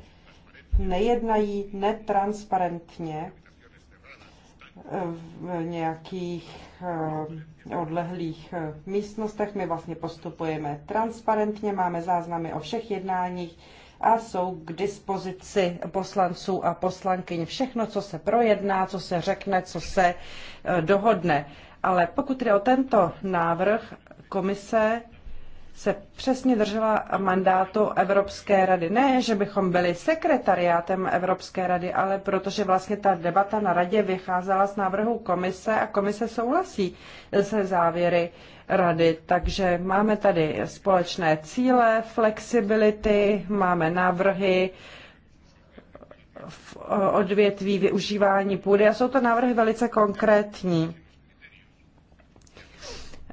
nejednají netransparentně eh, v nějakých eh, odlehlých místnostech. My vlastně postupujeme transparentně, máme záznamy o všech jednáních a jsou k dispozici poslanců a poslankyň všechno, co se projedná, co se řekne, co se dohodne. Ale pokud jde o tento návrh, komise se přesně držela mandátu Evropské rady. Ne, že bychom byli sekretariátem Evropské rady, ale protože vlastně ta debata na radě vycházela z návrhu komise a komise souhlasí se závěry rady. Takže máme tady společné cíle, flexibility, máme návrhy v odvětví využívání půdy a jsou to návrhy velice konkrétní.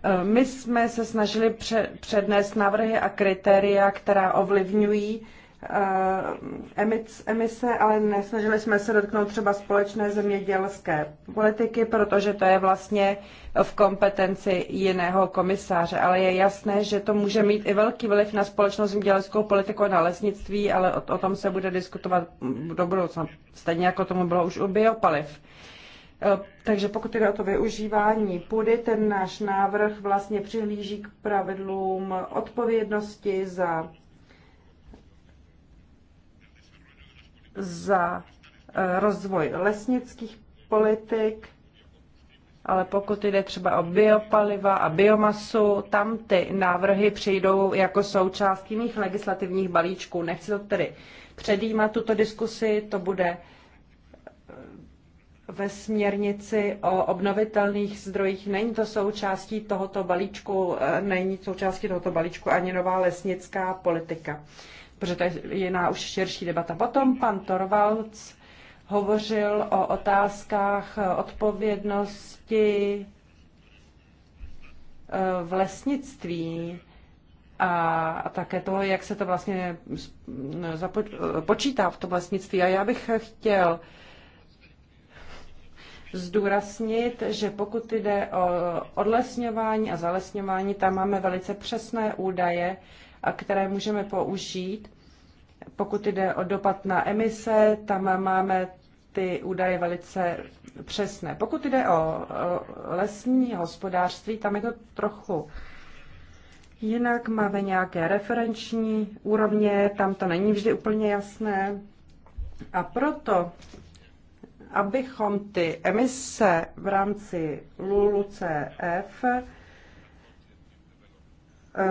Eh, my jsme se snažili přednést návrhy a kritéria, která ovlivňují eh, emise, ale nesnažili jsme se dotknout třeba společné zemědělské politiky, protože to je vlastně v kompetenci jiného komisáře. Ale je jasné, že to může mít i velký vliv na společnou zemědělskou politiku a na lesnictví, ale o, tom se bude diskutovat do budoucna, stejně jako tomu bylo už u biopaliv. Eh, takže pokud jde o to využívání půdy, ten náš návrh vlastně přihlíží k pravidlům odpovědnosti za, za eh, rozvoj lesnických politik, ale pokud jde třeba o biopaliva a biomasu, tam ty návrhy přijdou jako součást jiných legislativních balíčků. Nechci to tedy předjímat tuto diskusi, to bude ve směrnici o obnovitelných zdrojích. Není to součástí tohoto balíčku, eh, není součástí tohoto balíčku ani nová lesnická politika, protože to je jiná už širší debata. Potom pan Torvalds hovořil o otázkách eh, odpovědnosti eh, v lesnictví a také toho, jak se to vlastně počítá v tom lesnictví. A já bych chtěl uh, zdůraznit, že pokud jde o odlesňování a zalesňování, tam máme velice přesné údaje, které můžeme použít. Pokud jde o dopad na emise, tam máme ty údaje velice přesné. Pokud jde o lesní hospodářství, tam je to trochu jinak. Máme nějaké referenční úrovně, tam to není vždy úplně jasné. A proto abychom ty emise v rámci LULUCF eh,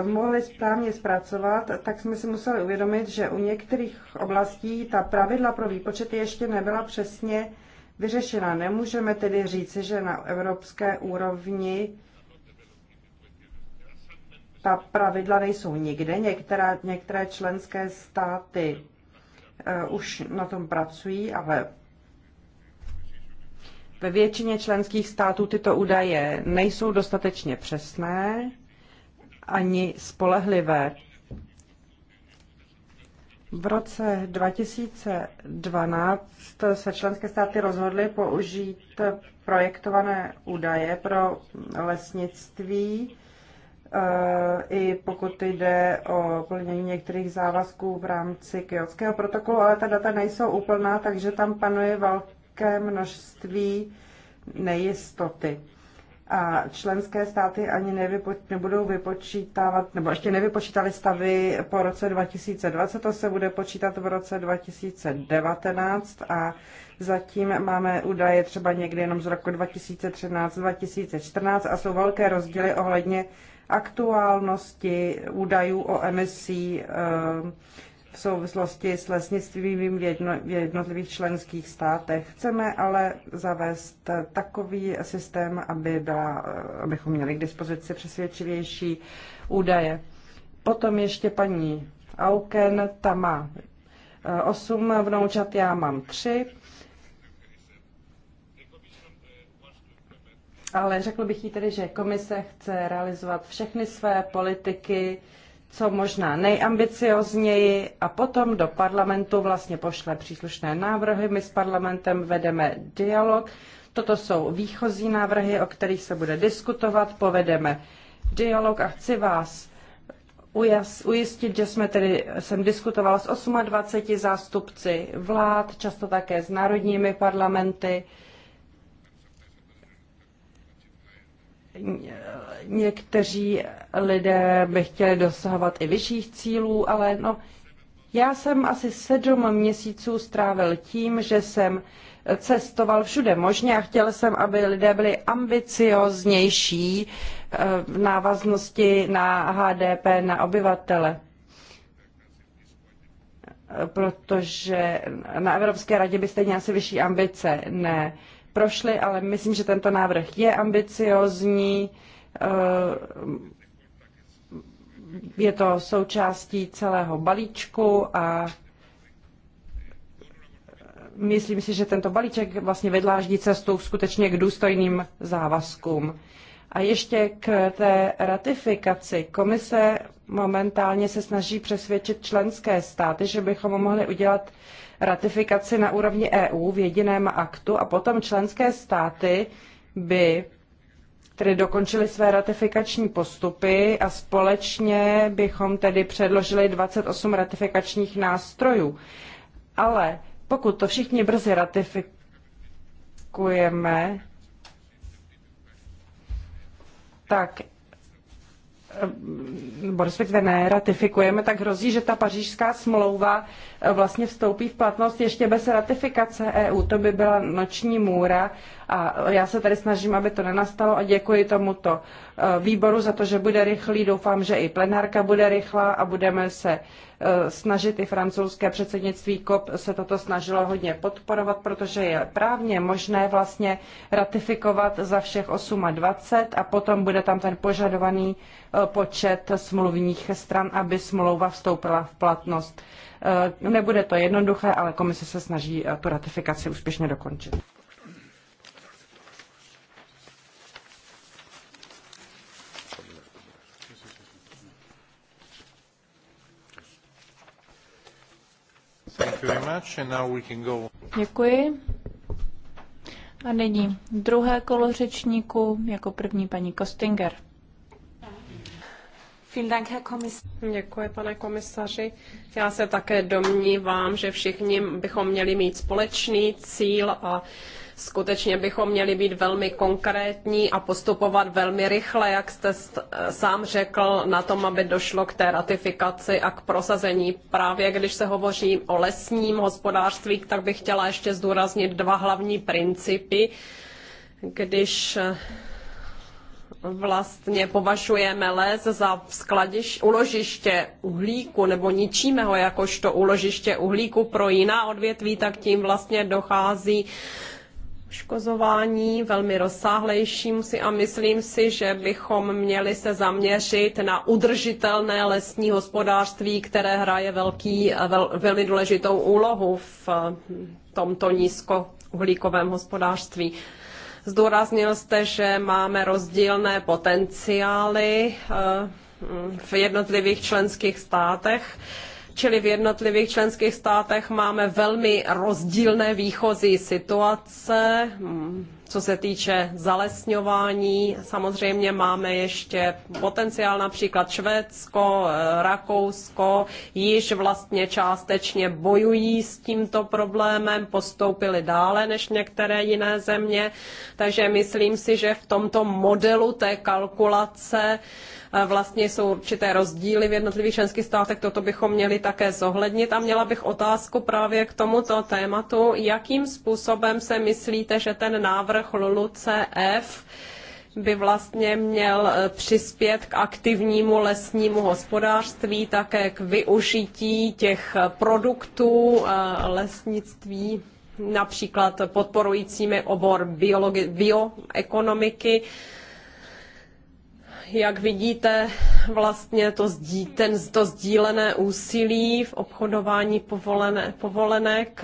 mohli správně zpracovat, tak jsme si museli uvědomit, že u některých oblastí ta pravidla pro výpočet ještě nebyla přesně vyřešena. Nemůžeme tedy říci, že na evropské úrovni ta pravidla nejsou nikde. Některá, některé členské státy eh, už na tom pracují, ale ve většině členských států tyto údaje nejsou dostatečně přesné ani spolehlivé. V roce 2012 se členské státy rozhodly použít projektované údaje pro lesnictví, eh, i pokud jde o plnění některých závazků v rámci Kyotského protokolu, ale ta data nejsou úplná, takže tam panuje velký obrovské množství nejistoty. A členské státy ani nevypo, nebudou vypočítávat, nebo ještě nevypočítali stavy po roce 2020, to se bude počítat v roce 2019 a zatím máme údaje třeba někdy jenom z roku 2013-2014 a jsou velké rozdíly ohledně aktuálnosti údajů o emisí eh, v souvislosti s lesnictvím v jednotlivých členských státech. Chceme ale zavést takový systém, aby byla, abychom měli k dispozici přesvědčivější údaje. Potom ještě paní Auken, ta má eh, osm vnoučat, já mám tři. Ale řekl bych jí tedy, že komise chce realizovat všechny své politiky, co možná nejambiciozněji a potom do parlamentu vlastně pošle příslušné návrhy. My s parlamentem vedeme dialog. Toto jsou výchozí návrhy, o kterých se bude diskutovat. Povedeme dialog a chci vás ujistit, že jsme tedy, jsem diskutoval s 28 zástupci vlád, často také s národními parlamenty, někteří lidé by chtěli dosahovat i vyšších cílů, ale no, já jsem asi sedm měsíců strávil tím, že jsem cestoval všude možně a chtěl jsem, aby lidé byli ambicioznější eh, v návaznosti na HDP na obyvatele. Protože na Evropské radě by stejně asi vyšší ambice ne prošly, ale myslím, že tento návrh je ambiciozní. Eh, je to součástí celého balíčku a myslím si, že tento balíček vlastně vydláždí cestu skutečně k důstojným závazkům. A ještě k té ratifikaci. Komise momentálně se snaží přesvědčit členské státy, že bychom mohli udělat ratifikaci na úrovni EU v jediném aktu a potom členské státy by tedy dokončili své ratifikační postupy a společně bychom tedy předložili 28 ratifikačních nástrojů. Ale pokud to všichni brzy ratifikujeme, tak Eh, nebo respektive ne, ratifikujeme, tak hrozí, že ta pařížská smlouva eh, vlastně vstoupí v platnost ještě bez ratifikace EU. To by byla noční můra a já se tady snažím, aby to nenastalo a děkuji tomuto eh, výboru za to, že bude rychlý. Doufám, že i plenárka bude rychlá a budeme se Eh, snažit. I francouzské předsednictví COP se toto snažilo hodně podporovat, protože je právně možné vlastně ratifikovat za všech 28 a potom bude tam ten požadovaný eh, počet smluvních stran, aby smlouva vstoupila v platnost. Eh, nebude to jednoduché, ale komise se snaží tu ratifikaci úspěšně dokončit. Děkuji. A nyní druhé kolo řečníků, jako první paní Kostinger. Děkuji, pane komisaři. Já se také domnívám, že všichni bychom měli mít společný cíl a Skutečně bychom měli být velmi konkrétní a postupovat velmi rychle, jak jste sám řekl, na tom, aby došlo k té ratifikaci a k prosazení. Právě když se hovoří o lesním hospodářství, tak bych chtěla ještě zdůraznit dva hlavní principy. Když eh, vlastně považujeme les za skladiš, uložiště uhlíku nebo ničíme ho jakožto uložiště uhlíku pro jiná odvětví, tak tím vlastně dochází škozování velmi rozsáhlejším si a myslím si, že bychom měli se zaměřit na udržitelné lesní hospodářství, které hraje velký, vel, velmi důležitou úlohu v eh, tomto nízkouhlíkovém hospodářství. Zdůraznil jste, že máme rozdílné potenciály eh, v jednotlivých členských státech. Čili v jednotlivých členských státech máme velmi rozdílné výchozí situace hmm. Co se týče zalesňování, samozřejmě máme ještě potenciál například Švédsko, eh, Rakousko, již vlastně částečně bojují s tímto problémem, postoupili dále než některé jiné země, takže myslím si, že v tomto modelu té kalkulace eh, vlastně jsou určité rozdíly v jednotlivých členských státech, toto bychom měli také zohlednit. A měla bych otázku právě k tomuto tématu, jakým způsobem se myslíte, že ten návrh návrh CF by vlastně měl e, přispět k aktivnímu lesnímu hospodářství, také k využití těch produktů e, lesnictví, například podporujícími obor bioekonomiky. Jak vidíte, vlastně to, zdí ten, to sdílené úsilí v obchodování povolené, povolenek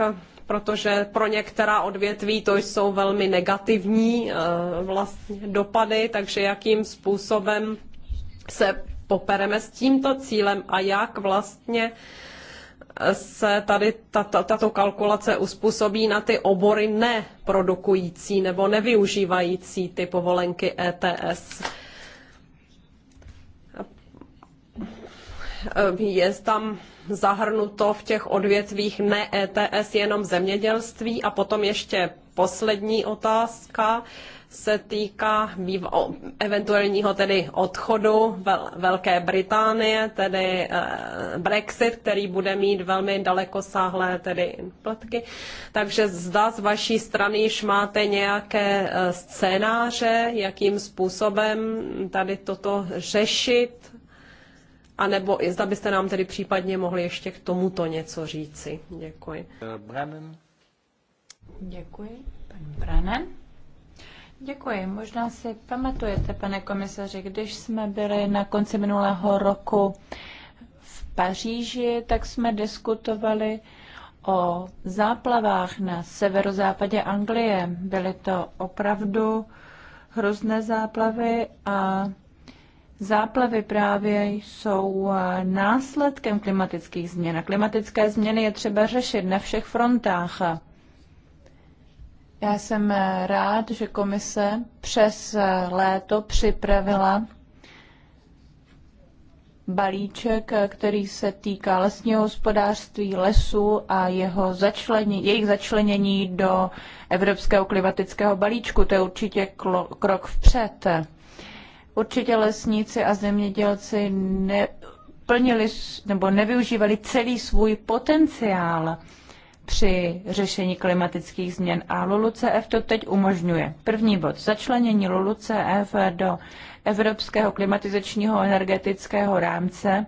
protože pro některá odvětví to jsou velmi negativní eh, vlastně dopady, takže jakým způsobem se popereme s tímto cílem a jak vlastně se tady tato, tato kalkulace uspůsobí na ty obory neprodukující nebo nevyužívající ty povolenky ETS. Eh, je tam zahrnuto v těch odvětvích ne ETS jenom zemědělství a potom ještě poslední otázka se týká eventuálního tedy odchodu Velké Británie, tedy eh, Brexit, který bude mít velmi dalekosáhlé tedy platky. Takže zda z vaší strany již máte nějaké eh, scénáře, jakým způsobem tady toto řešit, a nebo zda byste nám tedy případně mohli ještě k tomuto něco říci. Děkuji. Brannen. Děkuji. Pan Brannen. Děkuji. Možná si pamatujete, pane komisaři, když jsme byli na konci minulého roku v Paříži, tak jsme diskutovali o záplavách na severozápadě Anglie. Byly to opravdu hrozné záplavy a Záplavy právě jsou eh, následkem klimatických změn. A klimatické změny je třeba řešit na všech frontách. Já jsem eh, rád, že komise přes eh, léto připravila balíček, který se týká lesního hospodářství, lesu a jeho začlení, jejich začlenění do evropského klimatického balíčku. To je určitě krok vpřed. Určitě lesníci a zemědělci neplnili nebo nevyužívali celý svůj potenciál při řešení klimatických změn a LULUCF to teď umožňuje. První bod, začlenění LULUCF do Evropského klimatizačního energetického rámce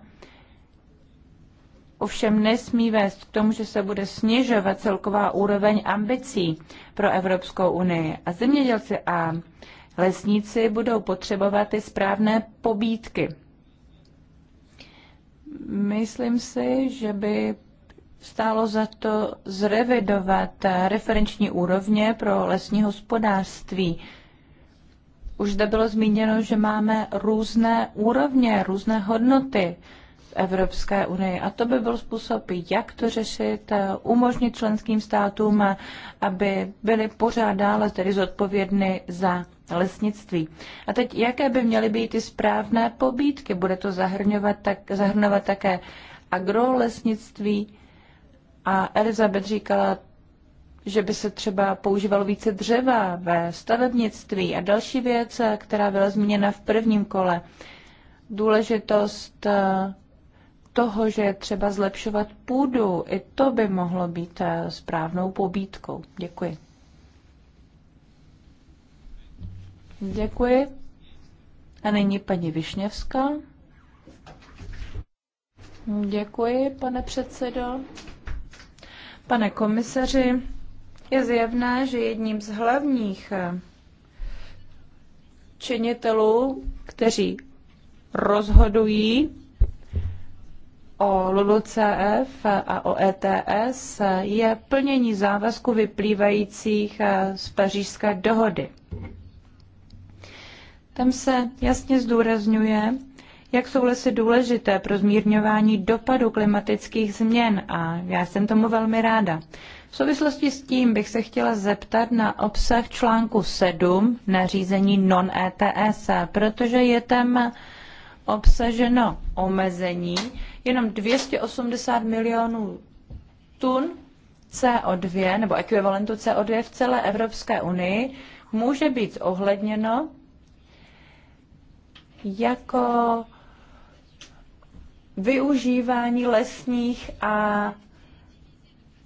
ovšem nesmí vést k tomu, že se bude snižovat celková úroveň ambicí pro Evropskou unii. A zemědělci a lesníci budou potřebovat ty správné pobídky. Myslím si, že by stálo za to zrevidovat referenční úrovně pro lesní hospodářství. Už zde bylo zmíněno, že máme různé úrovně, různé hodnoty Evropské unii. A to by byl způsob, jak to řešit, eh, umožnit členským státům, eh, aby byly pořád dále tedy zodpovědny za lesnictví. A teď, jaké by měly být ty správné pobídky? Bude to zahrnovat, tak, zahrnovat také agrolesnictví? A Elizabeth říkala, že by se třeba používalo více dřeva ve stavebnictví a další věc, eh, která byla zmíněna v prvním kole. Důležitost toho, že je třeba zlepšovat půdu, i to by mohlo být eh, správnou pobídkou. Děkuji. Děkuji. A nyní paní Višněvská. Děkuji, pane předsedo. Pane komisaři, je zjevné, že jedním z hlavních eh, činitelů, kteří rozhodují o LULUCF a o ETS je plnění závazku vyplývajících eh, z pařížské dohody. Tam se jasně zdůrazňuje, jak jsou lesy důležité pro zmírňování dopadu klimatických změn a já jsem tomu velmi ráda. V souvislosti s tím bych se chtěla zeptat na obsah článku 7 nařízení non-ETS, protože je tam obsaženo omezení, jenom 280 milionů tun CO2 nebo ekvivalentu CO2 v celé Evropské unii může být ohledněno jako využívání lesních a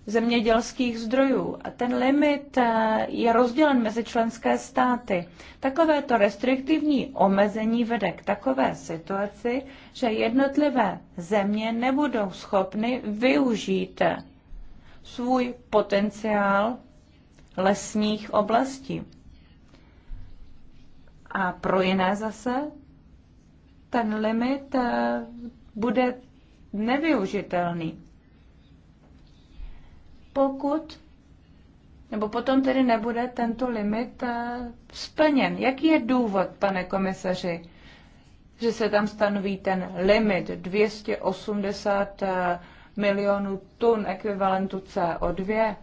zemědělských zdrojů. A ten limit eh, je rozdělen mezi členské státy. Takovéto restriktivní omezení vede k takové situaci, že jednotlivé země nebudou schopny využít eh, svůj potenciál lesních oblastí. A pro jiné zase ten limit eh, bude nevyužitelný pokud nebo potom tedy nebude tento limit eh, splněn. Jaký je důvod, pane komisaři, že se tam stanoví ten limit 280 eh, milionů tun ekvivalentu CO2?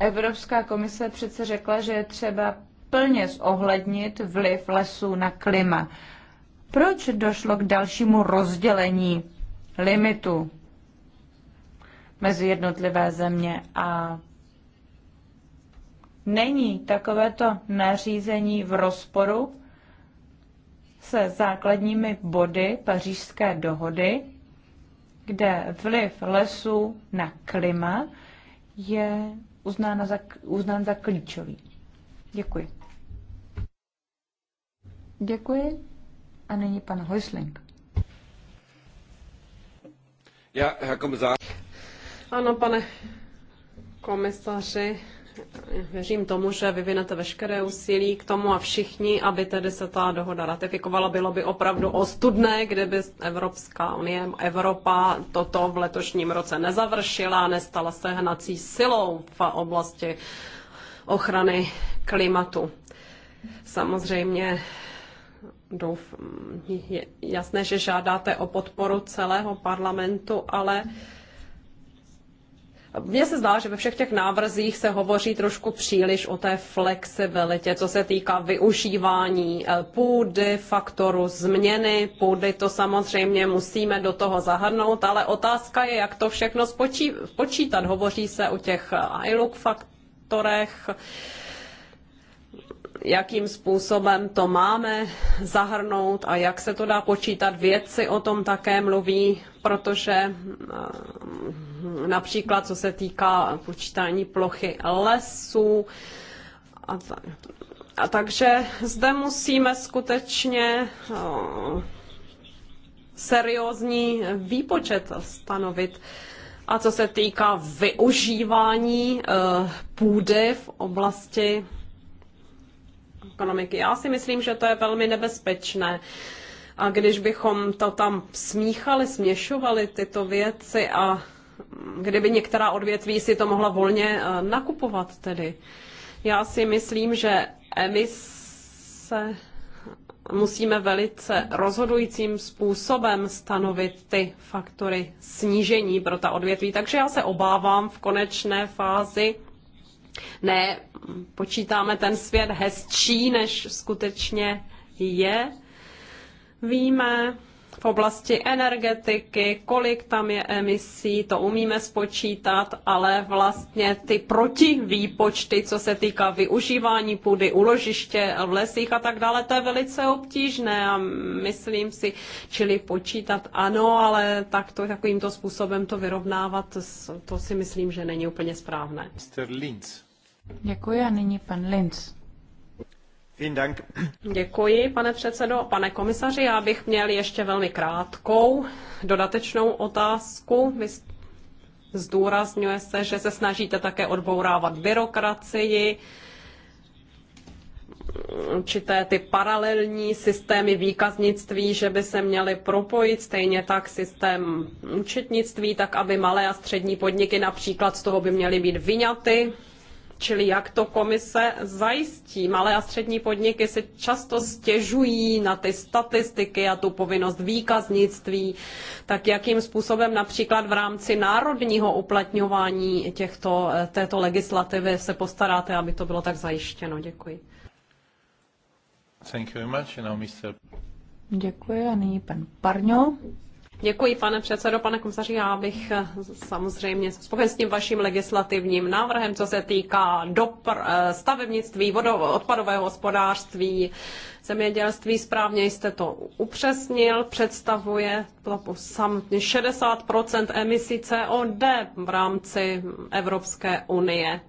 Evropská komise přece řekla, že je třeba plně zohlednit vliv lesů na klima. Proč došlo k dalšímu rozdělení limitu? mezi jednotlivé země a není takovéto nařízení v rozporu se základními body pařížské dohody, kde vliv lesů na klima je uznán za, uznán za klíčový. Děkuji. Děkuji. A nyní pan Hojsling. Já, zá... Ano, pane komisaři, věřím tomu, že vyvinete veškeré úsilí k tomu a všichni, aby tedy se ta dohoda ratifikovala. Bylo by opravdu ostudné, kdyby Evropská unie, Evropa toto v letošním roce nezavršila a nestala se hnací silou v oblasti ochrany klimatu. Samozřejmě doufám, je jasné, že žádáte o podporu celého parlamentu, ale mně se zdá, že ve všech těch návrzích se hovoří trošku příliš o té flexibilitě, co se týká využívání eh, půdy, faktoru změny půdy, to samozřejmě musíme do toho zahrnout, ale otázka je, jak to všechno spočí, počítat. Hovoří se o těch eh, ILUK faktorech, jakým způsobem to máme zahrnout a jak se to dá počítat. Vědci o tom také mluví, protože eh, například co se týká počítání plochy lesů, a, a takže zde musíme skutečně eh, seriózní výpočet stanovit. A co se týká využívání eh, půdy v oblasti ekonomiky. Já si myslím, že to je velmi nebezpečné. A když bychom to tam smíchali, směšovali tyto věci a kdyby některá odvětví si to mohla volně eh, nakupovat tedy. Já si myslím, že emise musíme velice rozhodujícím způsobem stanovit ty faktory snížení pro ta odvětví. Takže já se obávám v konečné fázi, ne, počítáme ten svět hezčí, než skutečně je. Víme v oblasti energetiky, kolik tam je emisí, to umíme spočítat, ale vlastně ty protivýpočty, co se týká využívání půdy, uložiště v lesích a tak dále, to je velice obtížné a myslím si, čili počítat ano, ale takto, takovýmto způsobem to vyrovnávat, to si myslím, že není úplně správné. Mr. Linz. Děkuji a nyní pan Linz. Děkuji, pane předsedo. Pane komisaři, já bych měl ještě velmi krátkou dodatečnou otázku. Vy zdůrazňuje se, že se snažíte také odbourávat byrokracii, určité ty paralelní systémy výkaznictví, že by se měly propojit, stejně tak systém účetnictví, tak aby malé a střední podniky například z toho by měly být vyňaty, Čili jak to komise zajistí? Malé a střední podniky si často stěžují na ty statistiky a tu povinnost výkaznictví. Tak jakým způsobem například v rámci národního uplatňování těchto, této legislativy se postaráte, aby to bylo tak zajištěno? Děkuji. Thank you very much. now Mr. Děkuji a nyní pan Parňo. Děkuji, pane předsedo, pane komisaři. Já bych eh, samozřejmě spokojen s tím vaším legislativním návrhem, co se týká dopr- eh, stavebnictví, odpadového hospodářství, zemědělství. Správně jste to upřesnil. Představuje sam 60 emisí COD v rámci Evropské unie.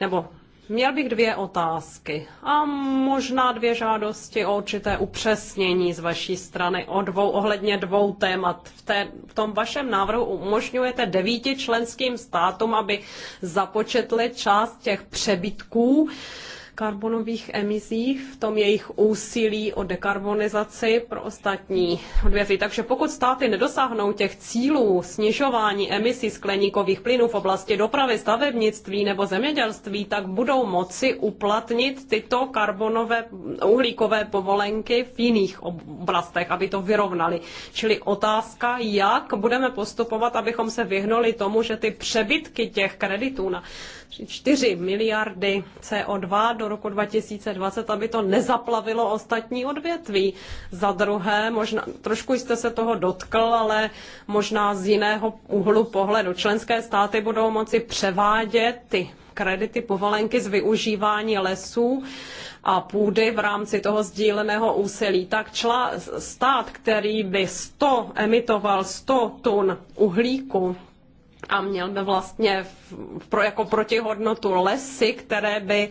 Nebo Měl bych dvě otázky a možná dvě žádosti o určité upřesnění z vaší strany o dvou, ohledně dvou témat. V, té, v tom vašem návrhu umožňujete devíti členským státům, aby započetli část těch přebytků karbonových emisí v tom jejich úsilí o dekarbonizaci pro ostatní odvětví. Takže pokud státy nedosáhnou těch cílů snižování emisí skleníkových plynů v oblasti dopravy, stavebnictví nebo zemědělství, tak budou moci uplatnit tyto karbonové uhlíkové povolenky v jiných oblastech, aby to vyrovnali. Čili otázka, jak budeme postupovat, abychom se vyhnuli tomu, že ty přebytky těch kreditů na 4 miliardy CO2 do roku 2020, aby to nezaplavilo ostatní odvětví. Za druhé, možná, trošku jste se toho dotkl, ale možná z jiného úhlu pohledu. Členské státy budou moci převádět ty kredity, povolenky z využívání lesů a půdy v rámci toho sdíleného úsilí, tak čla, stát, který by 100, emitoval 100 tun uhlíku, a měl by vlastně pro, jako protihodnotu lesy, které by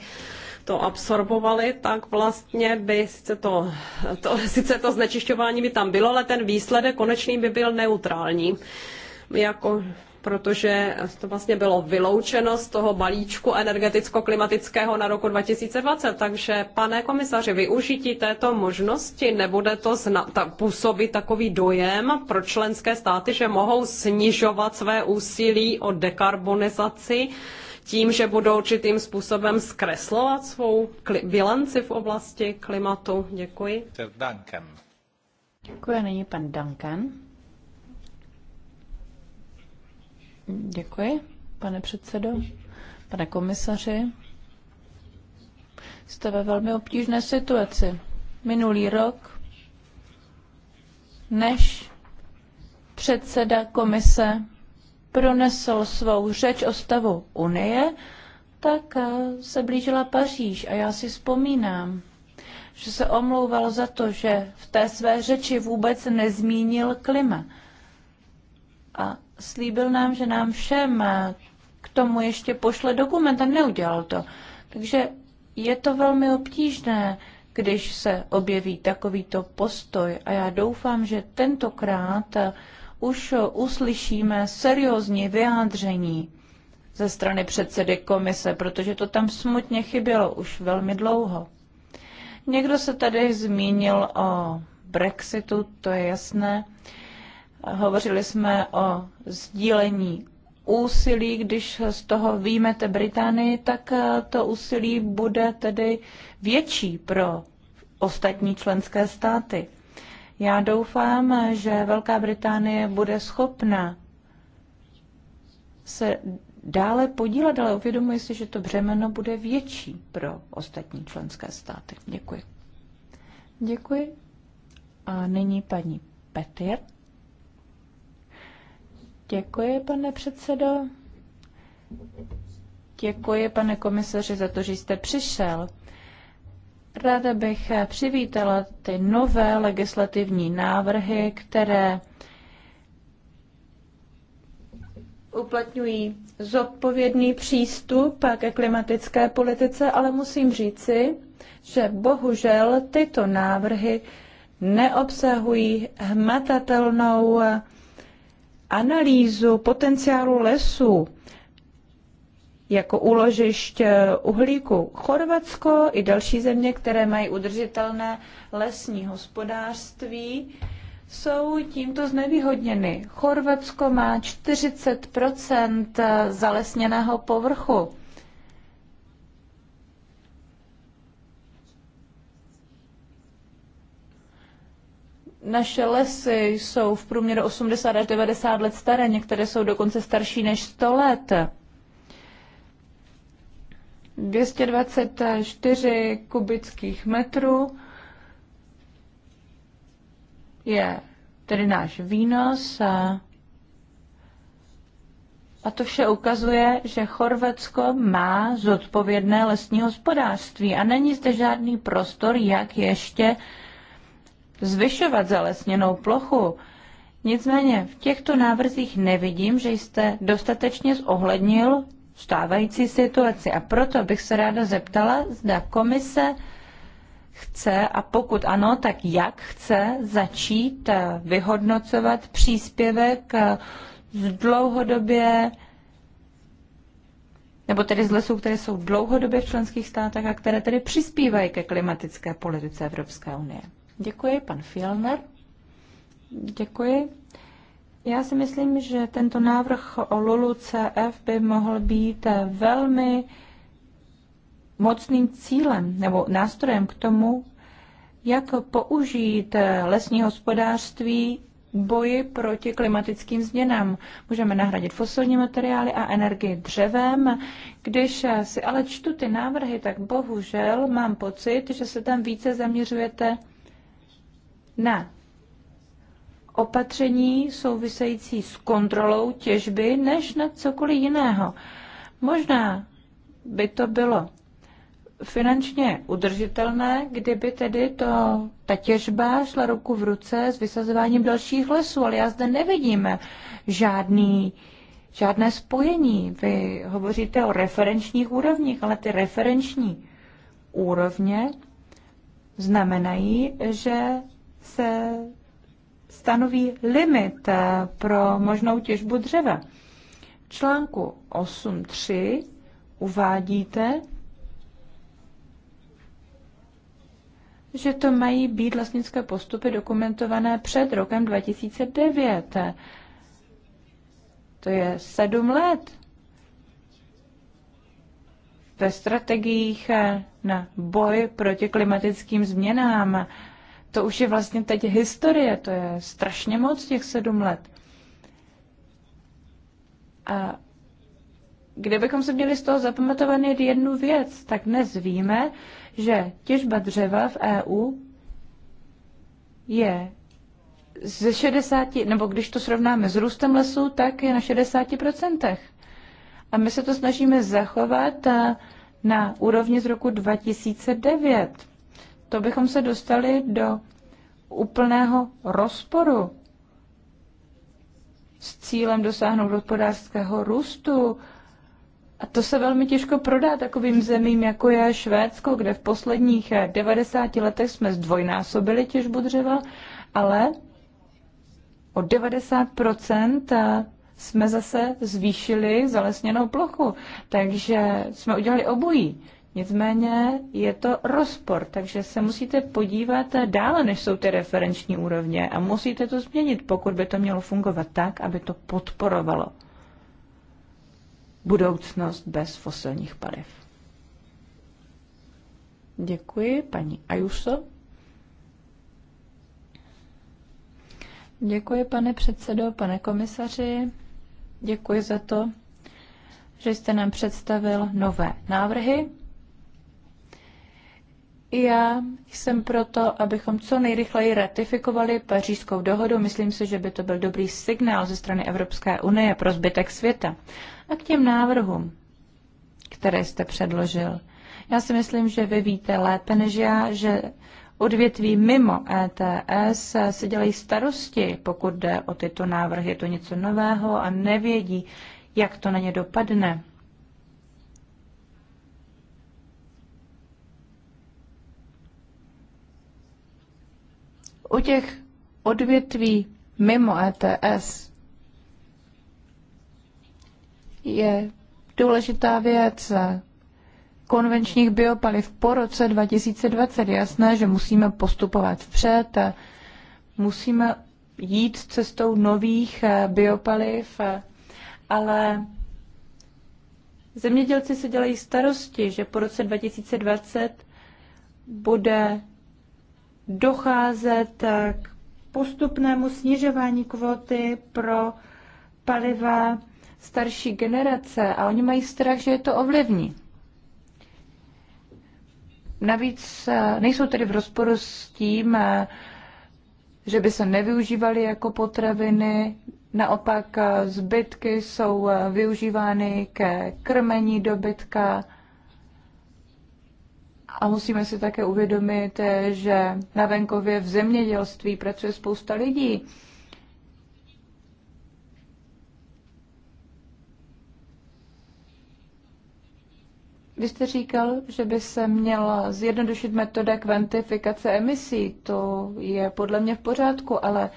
to absorbovali, tak vlastně by sice to, to, sice to znečišťování by tam bylo, ale ten výsledek konečný by byl neutrální. Jako protože to vlastně bylo vyloučeno z toho balíčku energeticko-klimatického na roku 2020. Takže, pane komisaři, využití této možnosti nebude to zna- ta- působit takový dojem pro členské státy, že mohou snižovat své úsilí o dekarbonizaci tím, že budou určitým způsobem zkreslovat svou bilanci v oblasti klimatu. Děkuji. Děkuji, není pan Duncan. Děkuji, pane předsedo, pane komisaři. Jste ve velmi obtížné situaci. Minulý rok, než předseda komise pronesl svou řeč o stavu Unie, tak eh, se blížila Paříž a já si vzpomínám, že se omlouval za to, že v té své řeči vůbec nezmínil klima. A slíbil nám, že nám všem eh, k tomu ještě pošle dokument a neudělal to. Takže je to velmi obtížné, když se objeví takovýto postoj a já doufám, že tentokrát eh, už uslyšíme seriózní vyjádření ze strany předsedy komise, protože to tam smutně chybělo už velmi dlouho. Někdo se tady zmínil o Brexitu, to je jasné. Hovořili jsme o sdílení úsilí, když z toho výjmete Británii, tak eh, to úsilí bude tedy větší pro ostatní členské státy. Já doufám, že Velká Británie bude schopna se dále podílet, ale uvědomuji si, že to břemeno bude větší pro ostatní členské státy. Děkuji. Děkuji. A nyní paní Petir. Děkuji, pane předsedo. Děkuji, pane komisaři, za to, že jste přišel. Ráda bych přivítala ty nové legislativní návrhy, které uplatňují zodpovědný přístup ke klimatické politice, ale musím říci, že bohužel tyto návrhy neobsahují hmatatelnou analýzu potenciálu lesů jako úložišť uhlíku. Chorvatsko i další země, které mají udržitelné lesní hospodářství, jsou tímto znevýhodněny. Chorvatsko má 40 zalesněného povrchu. Naše lesy jsou v průměru 80 až 90 let staré, některé jsou dokonce starší než 100 let. 224 kubických metrů je tedy náš výnos a, a to vše ukazuje, že Chorvatsko má zodpovědné lesní hospodářství a není zde žádný prostor, jak ještě uh, zvyšovat zalesněnou plochu. Nicméně v těchto návrzích nevidím, že jste dostatečně zohlednil stávající situaci a proto bych se ráda zeptala, zda komise chce a pokud ano, tak jak chce začít eh, vyhodnocovat příspěvek eh, z dlouhodobě nebo tedy z lesů, které jsou dlouhodobě v členských státech a které tedy přispívají ke klimatické politice Evropské unie. Děkuji, pan Fielner. Děkuji. Já si myslím, že tento návrh o Lulu CF by mohl být velmi mocným cílem nebo nástrojem k tomu, jak použít lesní hospodářství boji proti klimatickým změnám. Můžeme nahradit fosilní materiály a energii dřevem. Když si ale čtu ty návrhy, tak bohužel mám pocit, že se tam více zaměřujete na opatření související s kontrolou těžby než na cokoliv jiného. Možná by to bylo finančně udržitelné, kdyby tedy to, ta těžba šla ruku v ruce s vysazováním dalších lesů, ale já zde nevidím žádný, žádné spojení. Vy hovoříte o referenčních úrovních, ale ty referenční úrovně znamenají, že se stanoví limit eh, pro možnou těžbu dřeva. V článku 8.3 uvádíte, že to mají být vlastnické postupy dokumentované před rokem 2009. To je sedm let. Ve strategiích eh, na boj proti klimatickým změnám to už je vlastně teď historie, to je strašně moc těch sedm let. A kdybychom se měli z toho zapamatovat jednu věc, tak dnes víme, že těžba dřeva v EU je ze 60, nebo když to srovnáme s růstem lesů, tak je na 60%. A my se to snažíme zachovat eh, na úrovni z roku 2009 to bychom se dostali do úplného rozporu s cílem dosáhnout hospodářského růstu. A to se velmi těžko prodá takovým zemím, jako je Švédsko, kde v posledních 90 letech jsme zdvojnásobili těžbu dřeva, ale o 90 jsme zase zvýšili zalesněnou plochu. Takže jsme udělali obojí. Nicméně je to rozpor, takže se musíte podívat dále, než jsou ty referenční úrovně a musíte to změnit, pokud by to mělo fungovat tak, aby to podporovalo budoucnost bez fosilních paliv. Děkuji, paní Ajuso. Děkuji, pane předsedo, pane komisaři. Děkuji za to, že jste nám představil nové návrhy. I já jsem proto, abychom co nejrychleji ratifikovali pařížskou dohodu. Myslím si, že by to byl dobrý signál ze strany Evropské unie pro zbytek světa. A k těm návrhům, které jste předložil. Já si myslím, že vy víte lépe než já, že odvětví mimo ETS se dělají starosti, pokud jde o tyto návrhy. Je to něco nového a nevědí, jak to na ně dopadne. U těch odvětví mimo ETS je důležitá věc konvenčních biopaliv po roce 2020. Jasné, že musíme postupovat vpřed, musíme jít cestou nových biopaliv, ale zemědělci se dělají starosti, že po roce 2020 bude docházet eh, k postupnému snižování kvóty pro paliva starší generace a oni mají strach, že je to ovlivní. Navíc eh, nejsou tedy v rozporu s tím, eh, že by se nevyužívaly jako potraviny, naopak zbytky jsou využívány ke krmení dobytka a musíme si také uvědomit, že na venkově v zemědělství pracuje spousta lidí. Vy jste říkal, že by se měla zjednodušit metoda kvantifikace emisí. To je podle mě v pořádku, ale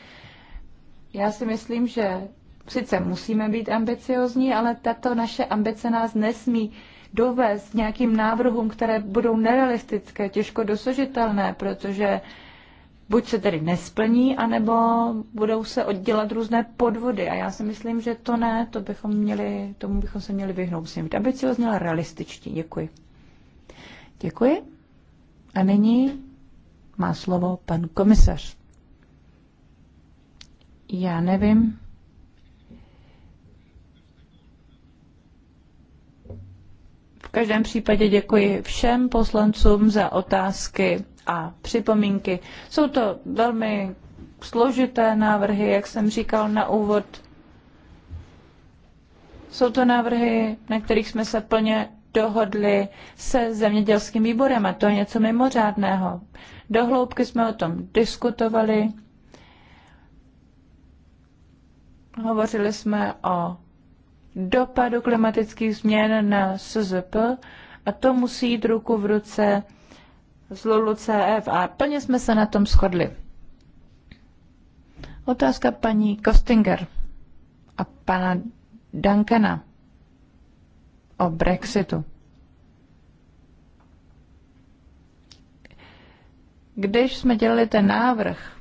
já si myslím, že sice musíme být ambiciozní, ale tato naše ambice nás nesmí dovést nějakým návrhům, které budou nerealistické, těžko dosažitelné, protože buď se tedy nesplní, anebo budou se oddělat různé podvody. A já si myslím, že to ne, to bychom měli, tomu bychom se měli vyhnout. Musím být ambiciozní, ale realističtí. Děkuji. Děkuji. A nyní má slovo pan komisař. Já nevím, V každém případě děkuji všem poslancům za otázky a připomínky. Jsou to velmi složité návrhy, jak jsem říkal na úvod. Jsou to návrhy, na kterých jsme se plně dohodli se zemědělským výborem a to je něco mimořádného. Dohloubky jsme o tom diskutovali. Hovořili jsme o dopadu klimatických změn na SZP a to musí jít ruku v ruce z CF a plně jsme se na tom shodli. Otázka paní Kostinger a pana Duncana o Brexitu. Když jsme dělali ten návrh,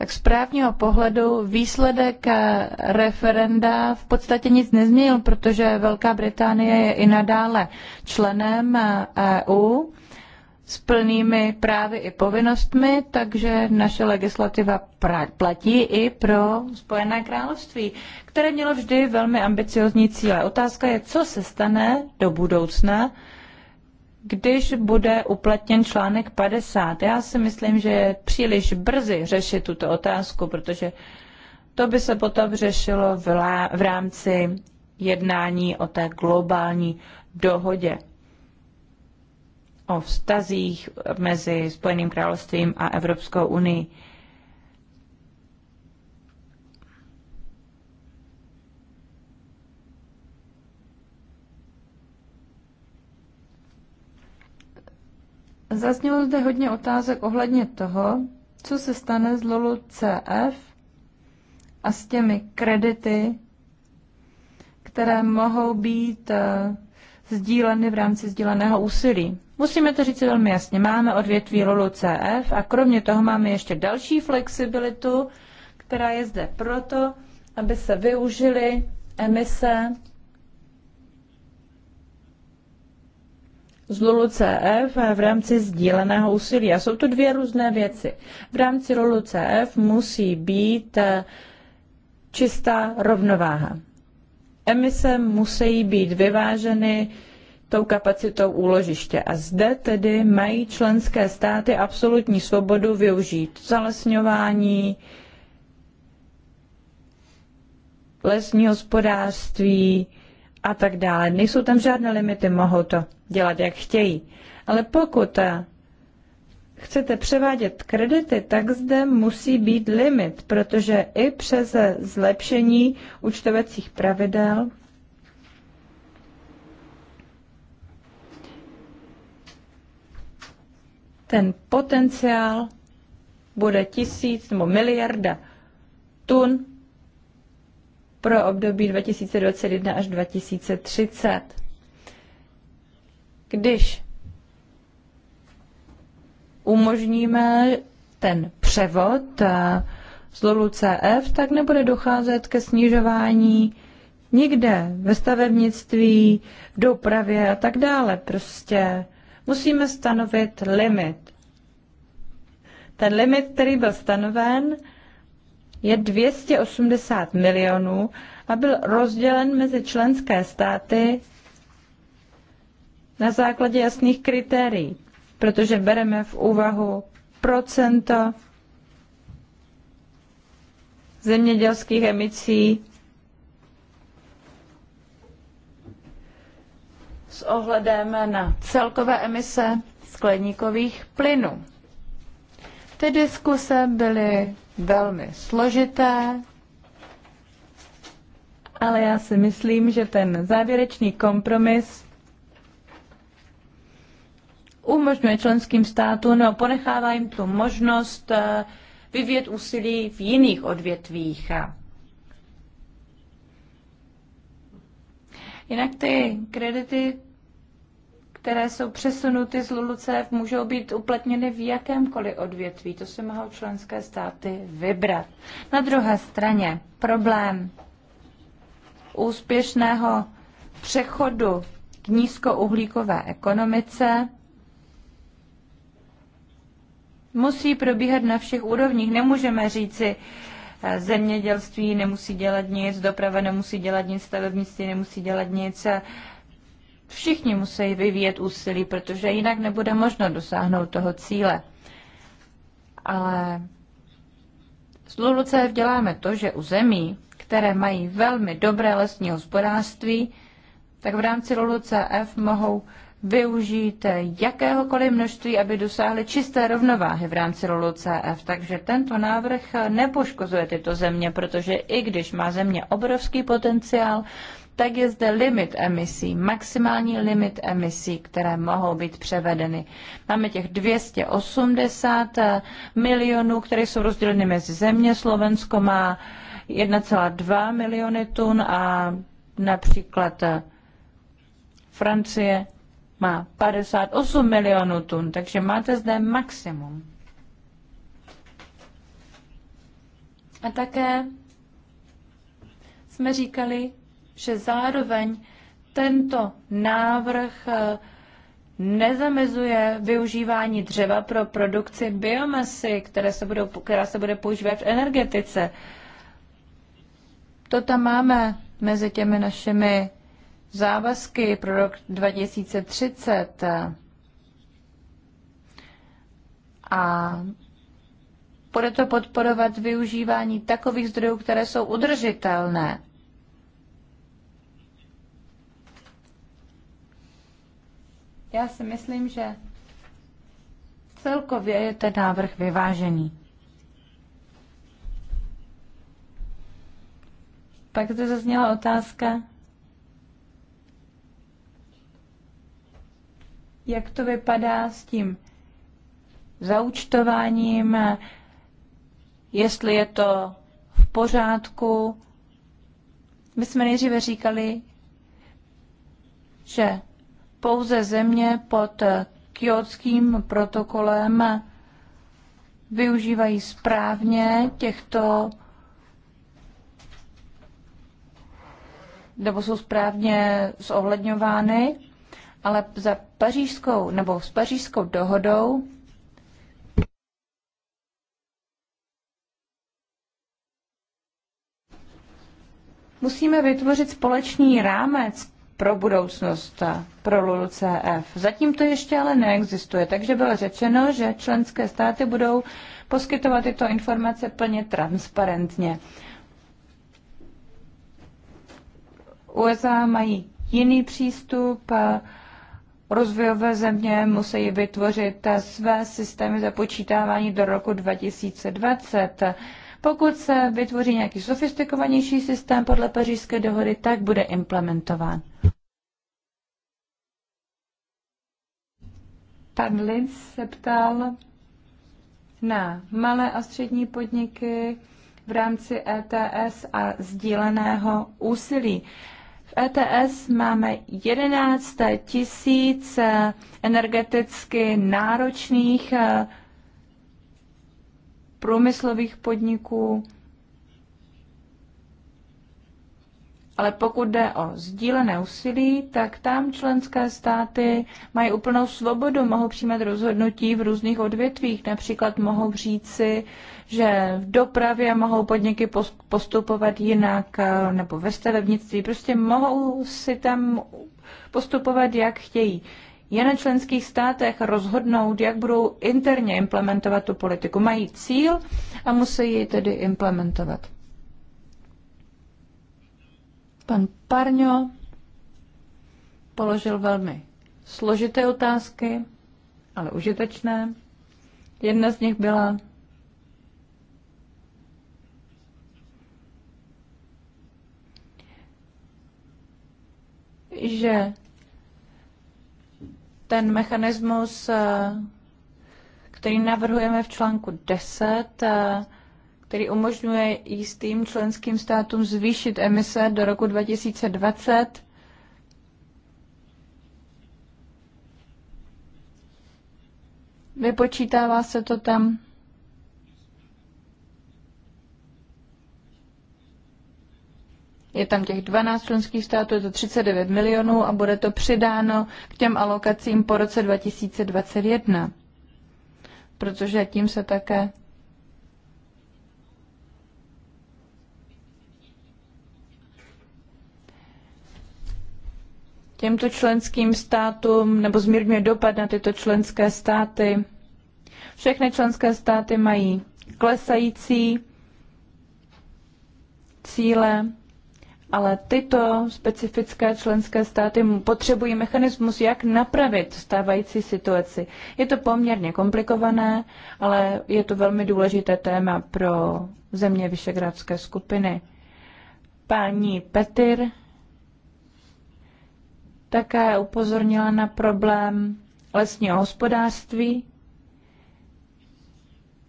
tak z právního pohledu výsledek referenda v podstatě nic nezměnil, protože Velká Británie je i nadále členem EU s plnými právy i povinnostmi, takže naše legislativa platí i pro Spojené království, které mělo vždy velmi ambiciozní cíle. Otázka je, co se stane do budoucna, když bude uplatněn článek 50. Já si myslím, že je příliš brzy řešit tuto otázku, protože to by se potom řešilo v rámci jednání o té globální dohodě o vztazích mezi Spojeným královstvím a Evropskou unii. Zaznělo zde hodně otázek ohledně toho, co se stane z LOLu CF a s těmi kredity, které mohou být eh, sdíleny v rámci sdíleného úsilí. Musíme to říct velmi jasně. Máme odvětví LOLu CF a kromě toho máme ještě další flexibilitu, která je zde proto, aby se využily emise z LULUCF v rámci sdíleného úsilí. A jsou to dvě různé věci. V rámci LULUCF musí být eh, čistá rovnováha. Emise musí být vyváženy tou kapacitou úložiště. A zde tedy mají členské státy absolutní svobodu využít zalesňování, lesní hospodářství, a tak dále. Nejsou tam žádné limity, mohou to dělat, jak chtějí. Ale pokud eh, chcete převádět kredity, tak zde musí být limit, protože i přes zlepšení účtovacích pravidel ten potenciál bude tisíc nebo miliarda tun pro období 2021 až 2030. Když umožníme ten převod eh, z lolu CF, tak nebude docházet ke snižování nikde ve stavebnictví, v dopravě a tak dále. Prostě musíme stanovit limit. Ten limit, který byl stanoven, je 280 milionů a byl rozdělen mezi členské státy na základě jasných kritérií, protože bereme v úvahu procento zemědělských emisí s ohledem na celkové emise skleníkových plynů. Ty diskuse byly velmi složité, ale já si myslím, že ten závěrečný kompromis umožňuje členským státům nebo ponechává jim tu možnost eh, vyvíjet úsilí v jiných odvětvích. Jinak ty kredity které jsou přesunuty z LULUCF, můžou být uplatněny v jakémkoliv odvětví. To si mohou členské státy vybrat. Na druhé straně problém úspěšného přechodu k nízkouhlíkové ekonomice musí probíhat na všech úrovních. Nemůžeme říci, eh, zemědělství nemusí dělat nic, doprava nemusí dělat nic, stavebnictví nemusí dělat nic. Eh, všichni musí vyvíjet úsilí, protože jinak nebude možno dosáhnout toho cíle. Ale z Luluce děláme to, že u zemí, které mají velmi dobré lesní hospodářství, tak v rámci LULUCF mohou využít jakéhokoliv množství, aby dosáhly čisté rovnováhy v rámci LULUCF. Takže tento návrh nepoškozuje tyto země, protože i když má země obrovský potenciál, tak je zde limit emisí, maximální limit emisí, které mohou být převedeny. Máme těch 280 eh, milionů, které jsou rozděleny mezi země. Slovensko má 1,2 miliony tun a například eh, Francie má 58 milionů tun, takže máte zde maximum. A také jsme říkali, že zároveň tento návrh eh, nezamezuje využívání dřeva pro produkci biomasy, které se budou, která se bude používat v energetice. To tam máme mezi těmi našimi závazky pro rok 2030. A bude to podporovat využívání takových zdrojů, které jsou udržitelné. Já si myslím, že celkově je ten návrh vyvážený. Pak zde zazněla otázka, jak to vypadá s tím zaučtováním, jestli je to v pořádku. My jsme nejdříve říkali, že pouze země pod kiotským protokolem využívají správně těchto nebo jsou správně zohledňovány, ale za pařížskou nebo s pařížskou dohodou musíme vytvořit společný rámec pro budoucnost pro LULCF. Zatím to ještě ale neexistuje, takže bylo řečeno, že členské státy budou poskytovat tyto informace plně transparentně. USA mají jiný přístup, rozvojové země musí vytvořit své systémy započítávání do roku 2020. Pokud se vytvoří nějaký sofistikovanější systém podle pařížské dohody, tak bude implementován. Pan Linz se ptal na malé a střední podniky v rámci ETS a sdíleného úsilí. V ETS máme 11 tisíc energeticky náročných eh, průmyslových podniků. Ale pokud jde o sdílené úsilí, tak tam členské státy mají úplnou svobodu, mohou přijímat rozhodnutí v různých odvětvích. Například mohou říci, že v dopravě mohou podniky postupovat jinak, eh, nebo ve stavebnictví. Prostě mohou si tam postupovat, jak chtějí. Je na členských státech rozhodnout, jak budou interně implementovat tu politiku. Mají cíl a musí ji tedy implementovat. Pan Parňo položil velmi složité otázky, ale užitečné. Jedna z nich byla, že ten mechanismus, eh, který navrhujeme v článku 10, eh, který umožňuje jistým členským státům zvýšit emise do roku 2020, vypočítává se to tam je tam těch 12 členských států, je to 39 milionů a bude to přidáno k těm alokacím po roce 2021. Protože tím se také těmto členským státům nebo zmírňuje dopad na tyto členské státy. Všechny členské státy mají klesající cíle ale tyto specifické členské státy potřebují mechanismus, jak napravit stávající situaci. Je to poměrně komplikované, ale je to velmi důležité téma pro země Vyšegrádské skupiny. Paní Petir také upozornila na problém lesního hospodářství.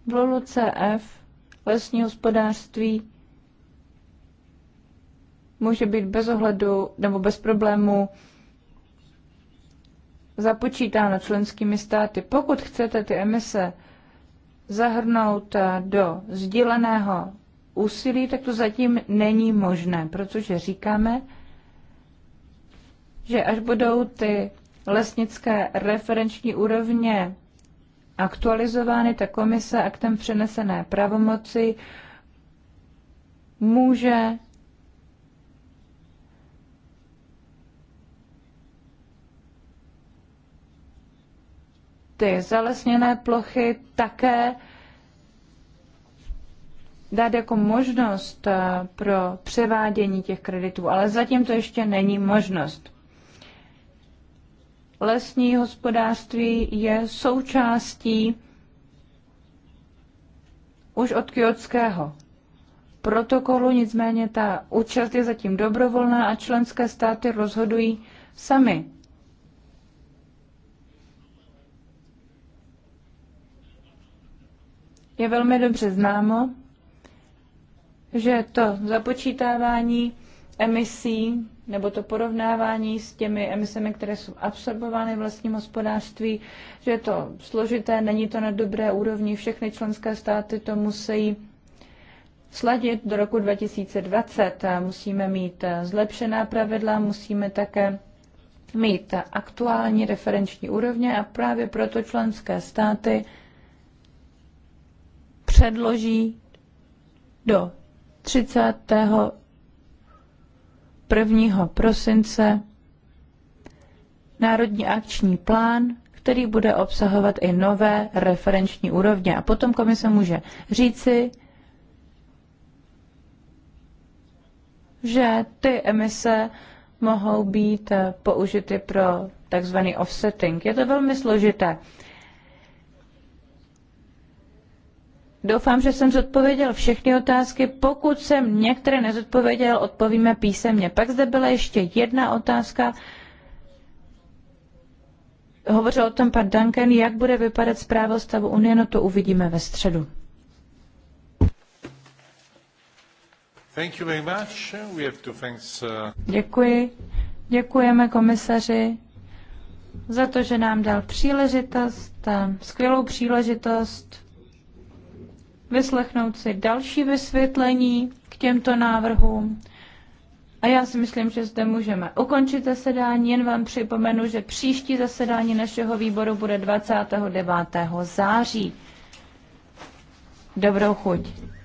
V CF lesní hospodářství může být bez ohledu nebo bez problému započítáno členskými státy. Pokud chcete ty emise zahrnout eh, do sdíleného úsilí, tak to zatím není možné, protože říkáme, že až budou ty lesnické referenční úrovně aktualizovány, ta komise aktem přenesené pravomoci může ty zalesněné plochy také dát jako možnost eh, pro převádění těch kreditů, ale zatím to ještě není možnost. Lesní hospodářství je součástí už od kyotského protokolu, nicméně ta účast je zatím dobrovolná a členské státy rozhodují sami je velmi dobře známo, že to započítávání emisí nebo to porovnávání s těmi emisemi, které jsou absorbovány vlastním hospodářství, že je to složité, není to na dobré úrovni, všechny členské státy to musí sladit do roku 2020. Musíme mít zlepšená pravidla, musíme také mít aktuální referenční úrovně a právě proto členské státy předloží do 31. prosince národní akční plán, který bude obsahovat i nové referenční úrovně. A potom komise může říci, že ty emise mohou být použity pro takzvaný offsetting. Je to velmi složité. Doufám, že jsem zodpověděl všechny otázky. Pokud jsem některé nezodpověděl, odpovíme písemně. Pak zde byla ještě jedna otázka. Hovořil o tom pan Duncan, jak bude vypadat zpráva o stavu Unie, no to uvidíme ve středu. Thank you very much. We have to thanks, uh... Děkuji. Děkujeme komisaři za to, že nám dal příležitost, skvělou příležitost vyslechnout si další vysvětlení k těmto návrhům. A já si myslím, že zde můžeme ukončit zasedání. Jen vám připomenu, že příští zasedání našeho výboru bude 29. září. Dobrou chuť.